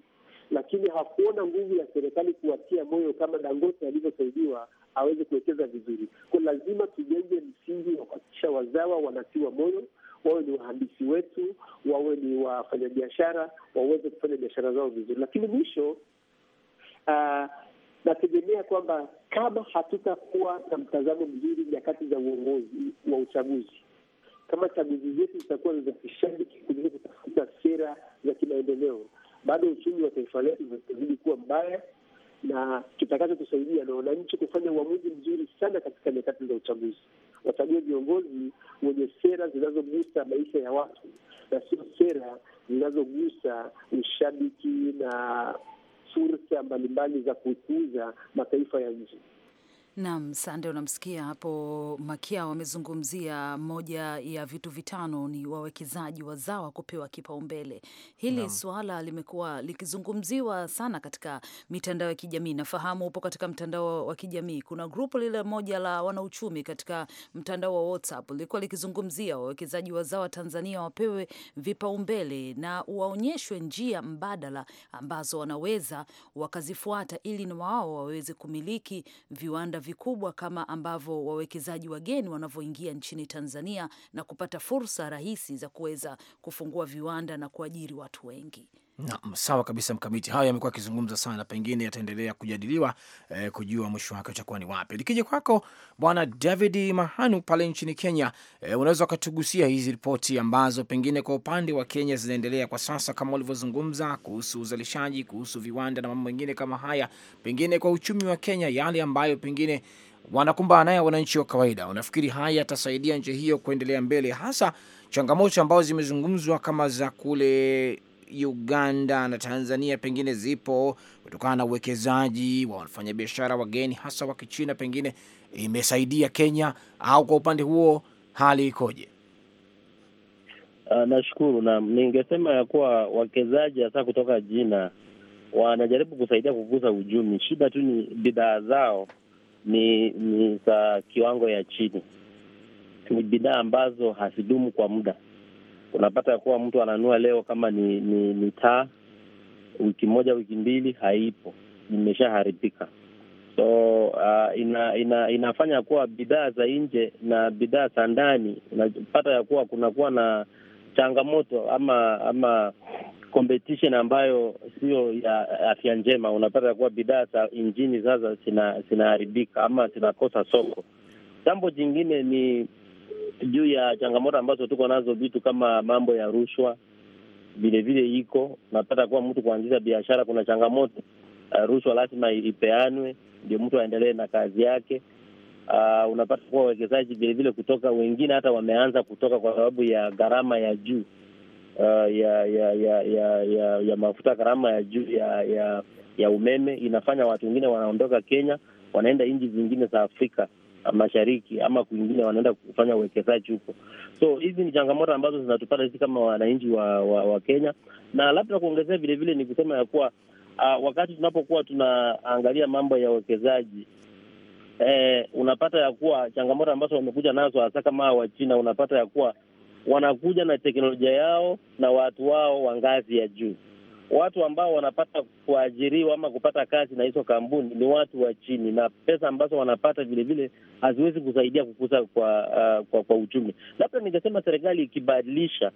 lakini hakuona nguvu ya serikali kuwatia moyo kama Dangote alivyosaidiwa aweze kuwekeza vizuri. Kwa lazima tujenge msingi wa kuhakikisha wazawa wanatiwa moyo, wawe ni wahandisi wetu, wawe ni wafanyabiashara, waweze kufanya biashara zao vizuri. Lakini mwisho uh, nategemea kwamba kama hatutakuwa na mtazamo mzuri nyakati za uongozi wa uchaguzi, kama chaguzi zetu zitakuwa za kishabiki kuliko kutafuta sera za kimaendeleo bado uchumi wa taifa letu umezidi kuwa mbaya, na kitakachotusaidia na wananchi kufanya uamuzi mzuri sana katika nyakati za uchaguzi, wachague viongozi wenye sera zinazogusa maisha ya watu na sio sera zinazogusa ushabiki na fursa mbalimbali za kukuza mataifa ya nje. Nam Sande, unamsikia hapo Makia wamezungumzia moja ya vitu vitano ni wawekezaji wazawa kupewa kipaumbele. Hili suala limekuwa likizungumziwa sana katika mitandao ya kijamii. Nafahamu upo katika mtandao wa kijamii, kuna grupu lile moja la wanauchumi katika mtandao wa WhatsApp lilikuwa likizungumzia wawekezaji wazawa Tanzania wapewe vipaumbele na waonyeshwe njia mbadala ambazo wanaweza wakazifuata ili na wao waweze kumiliki viwanda vikubwa kama ambavyo wawekezaji wageni wanavyoingia nchini Tanzania na kupata fursa rahisi za kuweza kufungua viwanda na kuajiri watu wengi. Naam, sawa kabisa mkamiti. Hayo yamekuwa akizungumza sana, pengine yataendelea kujadiliwa eh, kujua mwisho wake utakuwa ni wapi. Nikija kwako bwana David Mahanu pale nchini Kenya, eh, unaweza ukatugusia hizi ripoti ambazo pengine kwa upande wa Kenya zinaendelea kwa sasa, kama ulivyozungumza kuhusu uzalishaji, kuhusu viwanda na mambo mengine kama haya, pengine kwa uchumi wa Kenya, yale ambayo pengine wanakumbana naye wananchi wa kawaida, unafikiri haya yatasaidia nchi hiyo kuendelea mbele, hasa changamoto ambazo zimezungumzwa kama za kule Uganda na Tanzania pengine zipo kutokana na uwekezaji wa wafanyabiashara wageni hasa wa Kichina, pengine imesaidia Kenya au kwa upande huo hali ikoje? Uh, nashukuru na ningesema ya kuwa wawekezaji hasa kutoka jina wanajaribu kusaidia kukuza uchumi. Shida tu ni bidhaa zao ni ni za kiwango ya chini, ni bidhaa ambazo hazidumu kwa muda unapata ya kuwa mtu ananua leo kama ni, ni, ni taa wiki moja wiki mbili haipo, imeshaharibika. So uh, ina, ina, inafanya kuwa bidhaa za nje na bidhaa za ndani unapata ya kuwa kunakuwa na changamoto ama ama competition ambayo sio ya afya njema. Unapata ya kuwa bidhaa za injini sasa zinaharibika ama zinakosa soko. Jambo jingine ni juu ya changamoto ambazo tuko nazo, vitu kama mambo ya rushwa vilevile iko napata kuwa mtu kuanzisha biashara kuna changamoto. Uh, rushwa lazima ipeanwe ndio mtu aendelee na kazi yake. Uh, unapata kuwa wawekezaji vilevile kutoka wengine hata wameanza kutoka kwa sababu ya gharama ya juu uh, ya, ya, ya, ya, ya, ya mafuta, gharama ya juu ya, ya ya umeme inafanya watu wengine wanaondoka Kenya wanaenda nchi zingine za Afrika Uh, mashariki ama kwingine wanaenda kufanya uwekezaji huko. So hizi ni changamoto ambazo zinatupata sisi kama wananchi wa, wa, wa Kenya, na labda kuongezea vilevile ni kusema ya kuwa uh, wakati tunapokuwa tunaangalia mambo ya uwekezaji eh, unapata ya kuwa changamoto ambazo wamekuja nazo hasa kama wa china unapata ya kuwa wanakuja na teknolojia yao na watu wao wa ngazi ya juu watu ambao wanapata kuajiriwa ama kupata kazi na hizo kampuni ni watu wa chini, na pesa ambazo wanapata vilevile haziwezi kusaidia kukuza kwa uh, kwa, kwa uchumi. Labda ningesema serikali ikibadilisha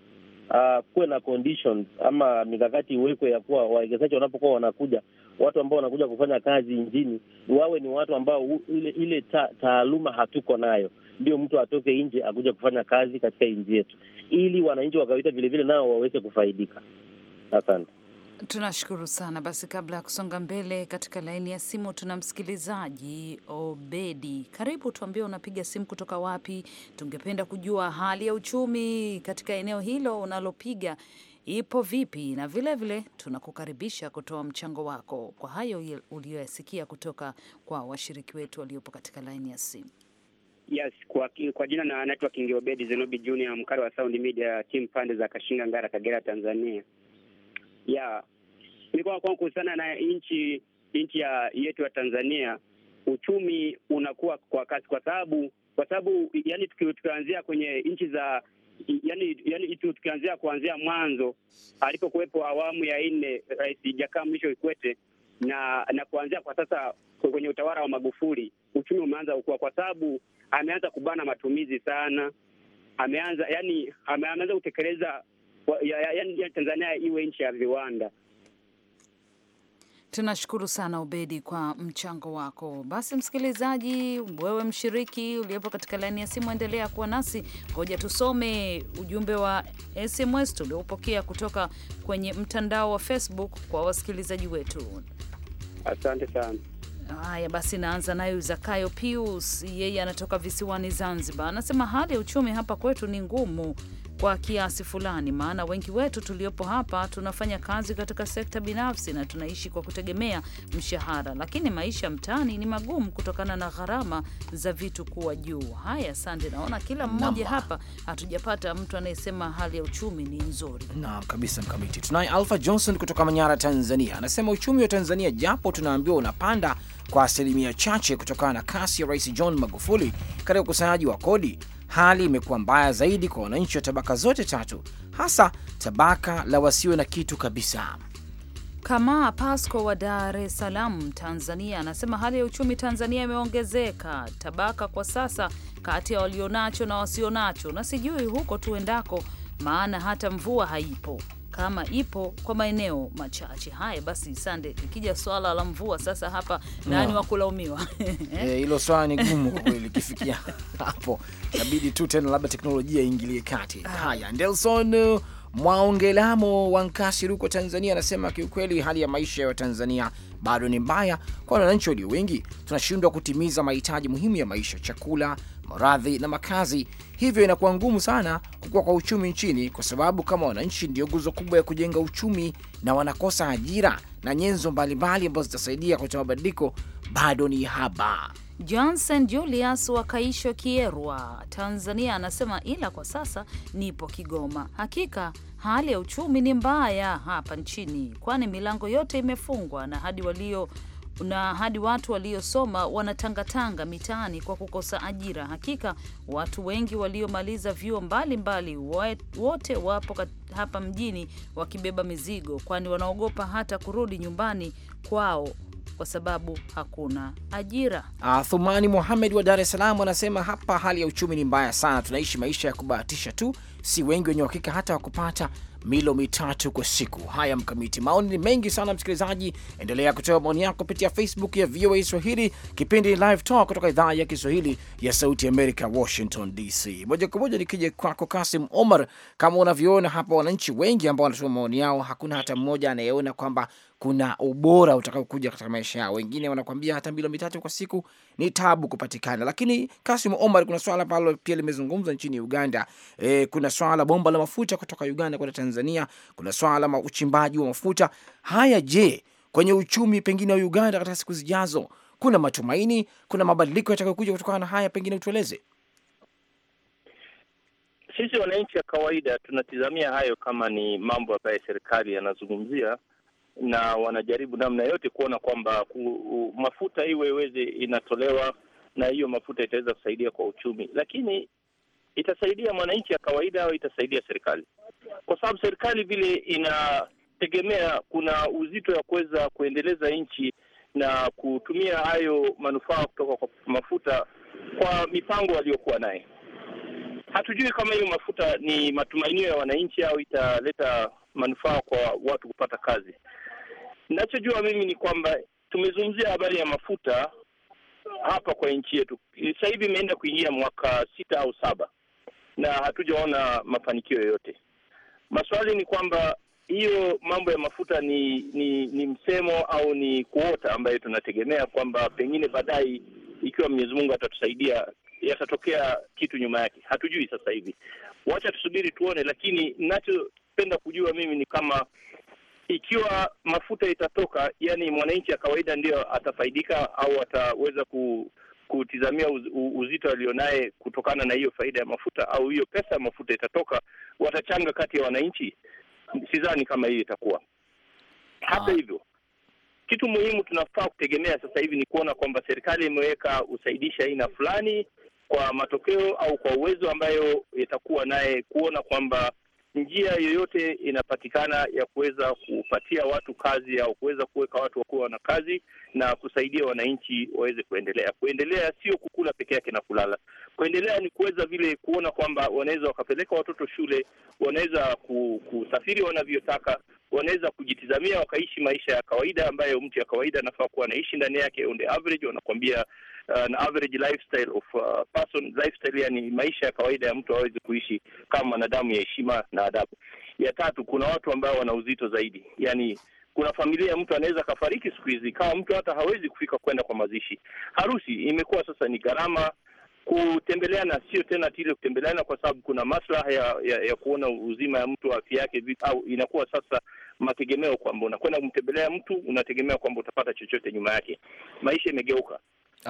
uh, kuwe na conditions ama mikakati iwekwe ya kuwa wawekezaji wanapokuwa wanakuja, watu ambao wanakuja kufanya kazi nchini wawe ni watu ambao ile, ile ta, taaluma hatuko nayo ndio mtu atoke nje akuja kufanya kazi katika nchi yetu, ili wananchi wakawita vilevile nao waweze kufaidika. Asante. Tunashukuru sana. Basi, kabla ya kusonga mbele katika laini ya simu, tuna msikilizaji Obedi. Karibu, tuambie unapiga simu kutoka wapi? Tungependa kujua hali ya uchumi katika eneo hilo unalopiga ipo vipi, na vilevile tunakukaribisha kutoa mchango wako kwa hayo uliyoyasikia kutoka kwa washiriki wetu waliopo katika laini ya simu. Yes, kwa, kwa jina na anaitwa Kingi Obedi Zenobi Junior, mkali wa Sound Media team pande za Kashinga Ngara, Kagera, Tanzania ya nilikuwa kwa kuhusiana na nchi nchi ya yetu ya Tanzania, uchumi unakuwa kwa kasi, kwa sababu kwa sababu yani tukianzia kwenye nchi za yani, yani tukianzia kuanzia mwanzo alipokuwepo awamu ya nne Rais Jakaya Mlisho Kikwete na na kuanzia kwa sasa kwenye utawala wa Magufuli, uchumi umeanza kukua kwa sababu ameanza kubana matumizi sana, ameanza yani ameanza kutekeleza yaani ya Tanzania iwe nchi ya viwanda. Tunashukuru sana Ubedi kwa mchango wako. Basi msikilizaji, wewe mshiriki uliyepo katika laini ya simu, endelea kuwa nasi. Ngoja tusome ujumbe wa SMS tuliopokea kutoka kwenye mtandao wa Facebook kwa wasikilizaji wetu. Asante sana. Haya basi, naanza naye Zakayo Pius, yeye anatoka visiwani Zanzibar, anasema hali ya uchumi hapa kwetu ni ngumu kwa kiasi fulani, maana wengi wetu tuliopo hapa tunafanya kazi katika sekta binafsi na tunaishi kwa kutegemea mshahara, lakini maisha mtaani ni magumu kutokana na gharama za vitu kuwa juu. Haya, asante. Naona kila mmoja hapa, hatujapata mtu anayesema hali ya uchumi ni nzuri. Naam kabisa, Mkamiti. Tunaye Alfa Johnson kutoka Manyara, Tanzania, anasema uchumi wa Tanzania japo tunaambiwa unapanda kwa asilimia chache kutokana na kasi ya Rais John Magufuli katika ukusanyaji wa kodi, hali imekuwa mbaya zaidi kwa wananchi wa tabaka zote tatu, hasa tabaka la wasio na kitu kabisa. Kama Pasco wa Dar es Salaam, Tanzania, anasema hali ya uchumi Tanzania imeongezeka tabaka kwa sasa kati ya walionacho na wasionacho, na sijui huko tuendako, maana hata mvua haipo kama ipo kwa maeneo machache. Haya basi, sande. Ikija swala la mvua sasa hapa nani no. wa kulaumiwa? Eh, hilo swala ni gumu kwa kweli, likifikia hapo inabidi tu tena labda teknolojia iingilie kati. Ah. Haya, Nelson Mwaongelamo wa Nkasi huko Tanzania anasema kiukweli, hali ya maisha ya Watanzania bado ni mbaya, kwa wananchi walio wengi tunashindwa kutimiza mahitaji muhimu ya maisha: chakula, maradhi na makazi, hivyo inakuwa ngumu sana kukua kwa uchumi nchini, kwa sababu kama wananchi ndio nguzo kubwa ya kujenga uchumi na wanakosa ajira na nyenzo mbalimbali ambazo zitasaidia kuleta mabadiliko, bado ni haba. Johnson Julius wa Kaisho Kierwa, Tanzania, anasema ila kwa sasa nipo Kigoma. Hakika hali ya uchumi ni mbaya hapa nchini, kwani milango yote imefungwa na hadi walio na hadi watu waliosoma wanatangatanga mitaani kwa kukosa ajira. Hakika watu wengi waliomaliza vyuo mbalimbali wote wapo hapa mjini wakibeba mizigo, kwani wanaogopa hata kurudi nyumbani kwao kwa sababu hakuna ajira. thumani muhamed wa Dar es Salaam anasema hapa hali ya uchumi ni mbaya sana, tunaishi maisha ya kubahatisha tu, si wengi wenye uhakika hata wa kupata milo mitatu kwa siku. Haya, Mkamiti, maoni ni mengi sana msikilizaji, endelea kutoa maoni yako kupitia Facebook ya VOA Swahili, kipindi Live Talk kutoka idhaa ya Kiswahili ya Sauti Amerika, Washington DC. Moja kwa moja nikija kwako Kasim Omar, kama unavyoona hapa, wananchi wengi ambao wanatuma maoni yao, hakuna hata mmoja anayeona kwamba kuna ubora utakaokuja katika maisha yao. Wengine wanakwambia hata milo mitatu kwa siku ni tabu kupatikana. Lakini Kasim Omar, kuna swala ambalo pia limezungumzwa nchini Uganda. E, kuna swala la bomba la mafuta kutoka Uganda kwenda Tanzania, kuna swala la uchimbaji wa mafuta haya. Je, kwenye uchumi pengine wa Uganda katika siku zijazo kuna matumaini, kuna mabadiliko yatakayokuja kutokana na haya? Pengine utueleze. Sisi wananchi ya kawaida tunatizamia hayo kama ni mambo ambayo serikali yanazungumzia na wanajaribu namna yote kuona kwamba ku, mafuta iwe iweze inatolewa, na hiyo mafuta itaweza kusaidia kwa uchumi, lakini itasaidia mwananchi ya kawaida au itasaidia serikali? Kwa sababu serikali vile inategemea kuna uzito ya kuweza kuendeleza nchi na kutumia hayo manufaa kutoka kwa mafuta kwa mipango waliokuwa naye. Hatujui kama hiyo mafuta ni matumainio ya wananchi au italeta manufaa kwa watu kupata kazi. Nachojua mimi ni kwamba tumezungumzia habari ya mafuta hapa kwa nchi yetu, sasa hivi imeenda kuingia mwaka sita au saba na hatujaona mafanikio yoyote. Maswali ni kwamba hiyo mambo ya mafuta ni ni ni msemo au ni kuota ambayo tunategemea kwamba pengine baadaye, ikiwa Mwenyezi Mungu atatusaidia, yatatokea kitu nyuma yake. Hatujui sasa hivi, wacha tusubiri tuone, lakini nachopenda kujua mimi ni kama ikiwa mafuta itatoka, yani mwananchi ya kawaida ndiyo atafaidika au ataweza ku, kutizamia uz, uzito alionaye kutokana na hiyo faida ya mafuta au hiyo pesa ya mafuta itatoka, watachanga kati ya wananchi, sidhani kama hiyo itakuwa hata ah. Hivyo kitu muhimu tunafaa kutegemea sasa hivi ni kuona kwamba serikali imeweka usaidishi aina fulani kwa matokeo au kwa uwezo ambayo itakuwa naye, kuona kwamba njia yoyote inapatikana ya kuweza kupatia watu kazi au kuweza kuweka watu wakuwa wana kazi na kusaidia wananchi waweze kuendelea. Kuendelea sio kukula peke yake na kulala. Kuendelea ni kuweza vile kuona kwamba wanaweza wakapeleka watoto shule, wanaweza kusafiri wanavyotaka, wanaweza kujitizamia wakaishi maisha ya kawaida ambayo mtu ya kawaida anafaa kuwa anaishi ndani yake, on the average Uh, an average lifestyle of uh, person lifestyle, yani maisha ya kawaida ya mtu aweze kuishi kama mwanadamu ya heshima na adabu. Ya tatu, kuna watu ambao wana uzito zaidi, yani kuna familia ya mtu anaweza akafariki siku hizi, kama mtu hata hawezi kufika kwenda kwa mazishi. Harusi imekuwa sasa ni gharama kutembeleana sio tena tile kutembeleana, kwa sababu kuna maslaha ya, ya, ya kuona uzima ya mtu afya yake vipi, au inakuwa sasa mategemeo kwamba unakwenda kumtembelea mtu unategemea kwamba utapata chochote nyuma yake. Maisha imegeuka.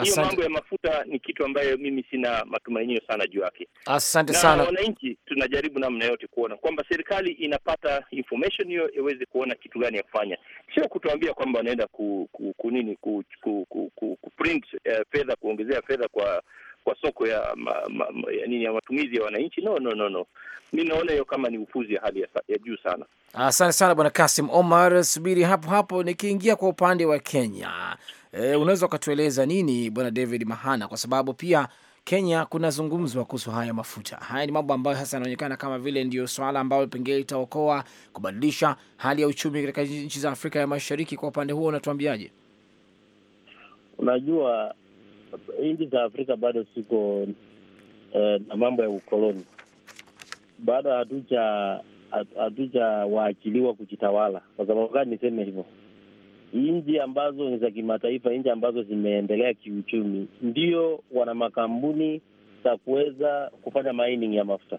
Hiyo mambo ya mafuta ni kitu ambayo mimi sina matumainio sana juu yake. Asante sana. Wananchi tunajaribu namna yote kuona kwamba serikali inapata information hiyo iweze kuona kitu gani ya kufanya, sio kutuambia kwamba wanaenda ku, ku, ku nini ku, ku, ku, ku, ku print uh, fedha kuongezea fedha kwa kwa soko ya ma, ma, ya nini ya matumizi ya wananchi. No, no, no, no. Mi naona hiyo kama ni ufuzi ya hali ya, ya juu sana. Asante sana Bwana Kasim Omar, subiri hapo hapo nikiingia kwa upande wa Kenya. E, unaweza ukatueleza nini bwana David Mahana, kwa sababu pia Kenya kunazungumzwa kuhusu haya mafuta. Haya ni mambo ambayo sasa yanaonekana kama vile ndiyo swala ambayo pengine itaokoa kubadilisha hali ya uchumi katika nchi za Afrika ya Mashariki. Kwa upande huo unatuambiaje? Unajua, nchi za Afrika bado siko eh, na mambo ya ukoloni, bado hatuja hatujawaachiliwa kujitawala. Kwa sababu gani niseme hivyo? nchi ambazo ni za kimataifa, nchi ambazo zimeendelea kiuchumi, ndio wana makampuni za kuweza kufanya mining ya mafuta.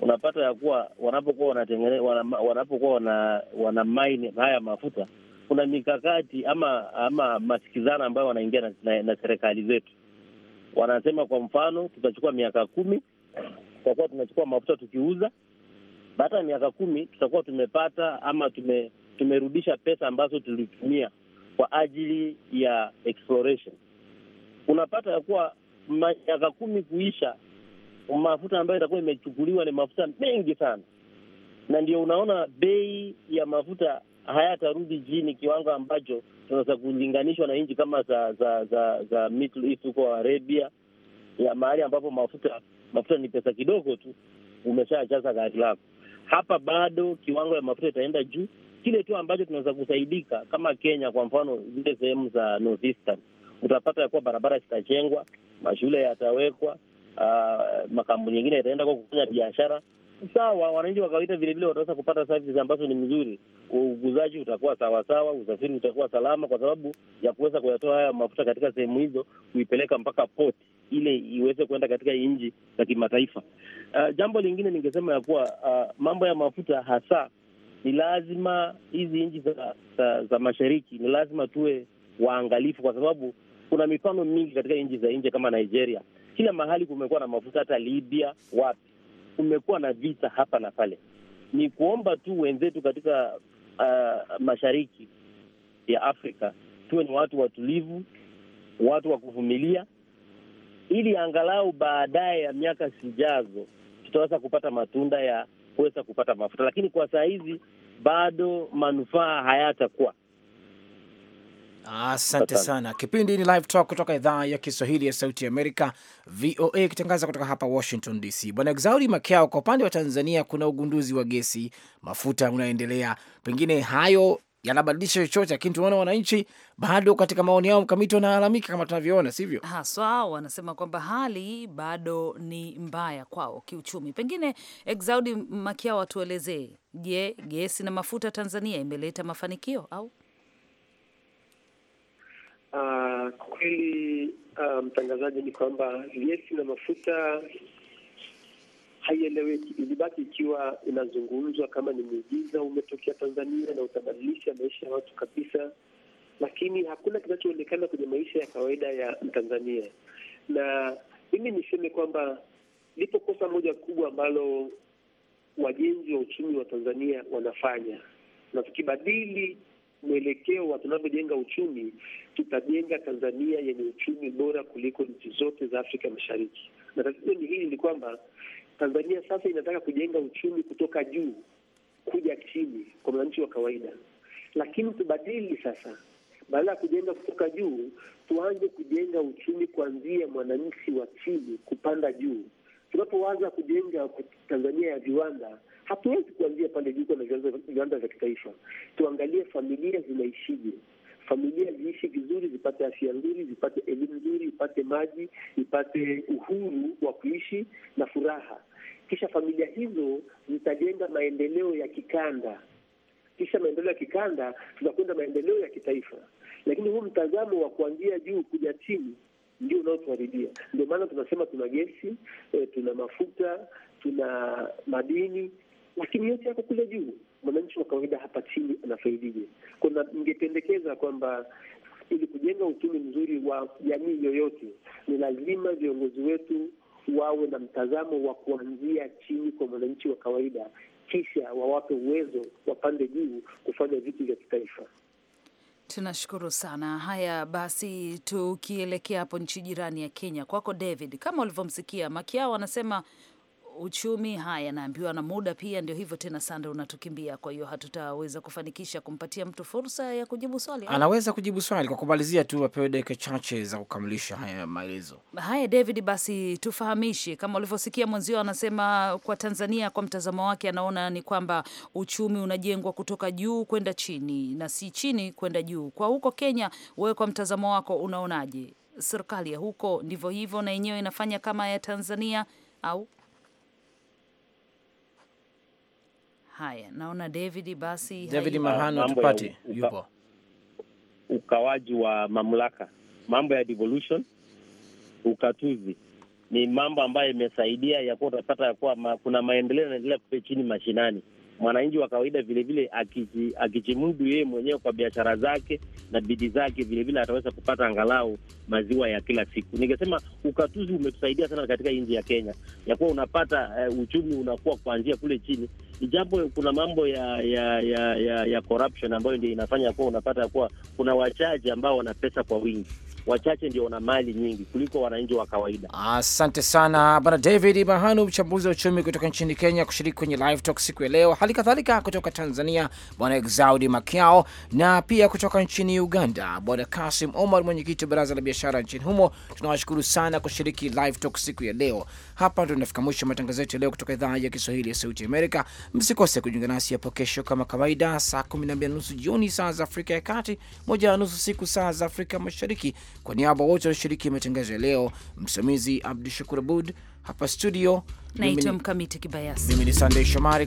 Unapata ya kuwa wanapokuwa wanatengeneza, wanapokuwa wana, wana mine haya mafuta, kuna mikakati ama ama masikizano ambayo wanaingia na, na, na serikali zetu. Wanasema kwa mfano, tutachukua miaka kumi tutakuwa tunachukua mafuta tukiuza, baada ya miaka kumi tutakuwa tumepata ama tume tumerudisha pesa ambazo tulitumia kwa ajili ya exploration. Unapata ya kuwa miaka kumi kuisha, mafuta ambayo itakuwa imechukuliwa ni mafuta mengi sana, na ndio unaona bei ya mafuta hayatarudi chini kiwango ambacho tunaweza kulinganishwa na nchi kama za za za za Middle East huko Arabia, ya mahali ambapo mafuta mafuta ni pesa kidogo tu, umeshajaza gari lako. Hapa bado kiwango ya mafuta itaenda juu, kile tu ambacho tunaweza kusaidika kama Kenya, kwa mfano zile sehemu za northeastern, utapata ya kuwa barabara zitajengwa, mashule yatawekwa, uh, makampuni yengine yataenda kwa kufanya biashara sawa. Wananchi wa kawaida vilevile wataweza kupata services ambazo ni mzuri, uuguzaji utakuwa sawasawa, usafiri utakuwa salama, kwa sababu ya kuweza kuyatoa haya mafuta katika sehemu hizo kuipeleka mpaka port ile iweze kuenda katika nchi za kimataifa. Uh, jambo lingine ningesema ya kuwa uh, mambo ya mafuta hasa ni lazima hizi nchi za, za, za mashariki ni lazima tuwe waangalifu, kwa sababu kuna mifano mingi katika nchi za nje kama Nigeria. Kila mahali kumekuwa na mafuta, hata Libya, wapi kumekuwa na vita hapa na pale. Ni kuomba tu wenzetu katika uh, mashariki ya Afrika tuwe ni watu watulivu, watu wa kuvumilia, ili angalau baadaye ya miaka zijazo tutaweza kupata matunda ya kuweza kupata mafuta, lakini kwa saa hizi bado manufaa hayatakuwa. Asante sana. Kipindi ni Live Talk kutoka idhaa ya Kiswahili ya Sauti ya Amerika, VOA, ikitangaza kutoka hapa Washington DC. Bwana Exaudi Makiao, kwa upande wa Tanzania kuna ugunduzi wa gesi, mafuta unaendelea, pengine hayo yanabadilisha chochote, lakini tunaona wananchi bado katika maoni yao mkamiti wanalalamika kama tunavyoona, sivyo haswa. Wanasema kwamba hali bado ni mbaya kwao kiuchumi. Pengine Exaudi Makiao watuelezee, je, gesi na mafuta Tanzania imeleta mafanikio au ah, kweli? Uh, mtangazaji, um, ni kwamba gesi na mafuta haieleweki, ilibaki ikiwa inazungumzwa kama ni muujiza umetokea Tanzania na utabadilisha maisha ya watu kabisa, lakini hakuna kinachoonekana kwenye maisha ya kawaida ya Mtanzania. Na mimi niseme kwamba lipo kosa moja kubwa ambalo wajenzi wa uchumi wa Tanzania wanafanya, na tukibadili mwelekeo wa tunavyojenga uchumi, tutajenga Tanzania yenye uchumi bora kuliko nchi zote za Afrika Mashariki. Na tatizo ni hili, ni kwamba Tanzania sasa inataka kujenga uchumi kutoka juu kuja chini kwa mwananchi wa kawaida, lakini tubadili sasa, badala ya kujenga kutoka juu, tuanze kujenga uchumi kuanzia mwananchi wa chini kupanda juu. Tunapoanza kujenga Tanzania ya viwanda, hatuwezi kuanzia pande juu na viwanda vya kitaifa. Tuangalie familia zinaishije, familia ziishi vizuri, zipate afya nzuri, zipate elimu nzuri, zipate maji, zipate uhuru wa kuishi na furaha kisha familia hizo zitajenga maendeleo ya kikanda, kisha maendeleo ya kikanda tunakwenda maendeleo ya kitaifa. Lakini huu mtazamo wa kuanzia juu kuja chini ndio unaotuharibia. Ndio maana tunasema tuna gesi e, tuna mafuta, tuna madini, lakini yote yako kule juu. Mwananchi wa kawaida hapa chini anafaidije? Kuna ningependekeza kwamba ili kujenga uchumi mzuri wa jamii yoyote, ni lazima viongozi wetu wawe na mtazamo wa kuanzia chini kwa mwananchi wa kawaida, kisha wawape uwezo wa pande juu kufanya vitu vya kitaifa. Tunashukuru sana. Haya basi, tukielekea hapo nchi jirani ya Kenya, kwako David, kama ulivyomsikia Makiao anasema uchumi. Haya, naambiwa na muda pia ndio hivyo tena, Sanda unatukimbia, kwa hiyo hatutaweza kufanikisha kumpatia mtu fursa ya kujibu swali. Eh? Anaweza kujibu swali kwa kumalizia tu, apewe dakika chache za kukamilisha haya maelezo. Haya, David, basi tufahamishe, kama ulivyosikia mwenzio anasema, kwa Tanzania, kwa mtazamo wake anaona ni kwamba uchumi unajengwa kutoka juu kwenda chini na si chini kwenda juu. Kwa huko Kenya, wewe kwa mtazamo wako unaonaje? Serikali ya huko ndivyo hivyo na yenyewe inafanya kama ya Tanzania au Haya, naona David basi, David Mahano tupate yupo ukawaji wa mamlaka, mambo ya devolution, ukatuzi ni mambo ambayo imesaidia ya kuwa utapata ya kuwa ma, kuna maendeleo yanaendelea kule chini mashinani. Mwananchi wa kawaida vilevile akijimudu yeye mwenyewe kwa biashara zake na bidii zake, vilevile ataweza kupata angalau maziwa ya kila siku. Ningesema ukatuzi umetusaidia sana katika nchi ya Kenya, ya kuwa unapata uh, uchumi unakuwa kuanzia kule chini japo kuna mambo ya ya ya ya, ya corruption ambayo ndio inafanya kuwa unapata kuwa kuna wachaji ambao wana pesa kwa wingi wachache ndio wana mali nyingi kuliko wananchi wa kawaida. Asante sana Bwana David Bahanu, mchambuzi wa uchumi kutoka nchini Kenya, kushiriki kwenye live talk siku ya leo. Hali kadhalika kutoka Tanzania Bwana Exaudi Makiao, na pia kutoka nchini Uganda Bwana Kasim Omar, mwenyekiti wa baraza la biashara nchini humo. Tunawashukuru sana kushiriki live talk siku ya leo. Hapa ndo tunafika mwisho matangazo yetu ya leo kutoka idhaa ya Kiswahili ya Sauti Amerika. Msikose kujiunga nasi hapo kesho kama kawaida, saa 12 na nusu jioni saa za Afrika ya Kati, moja na nusu siku saa za Afrika Mashariki. Kwa niaba wote walioshiriki matangazo ya leo, msimamizi Abdu Shakur Abud hapa studio, naitwa Mkamiti Kibayasi, mimi ni Sandey Shomari.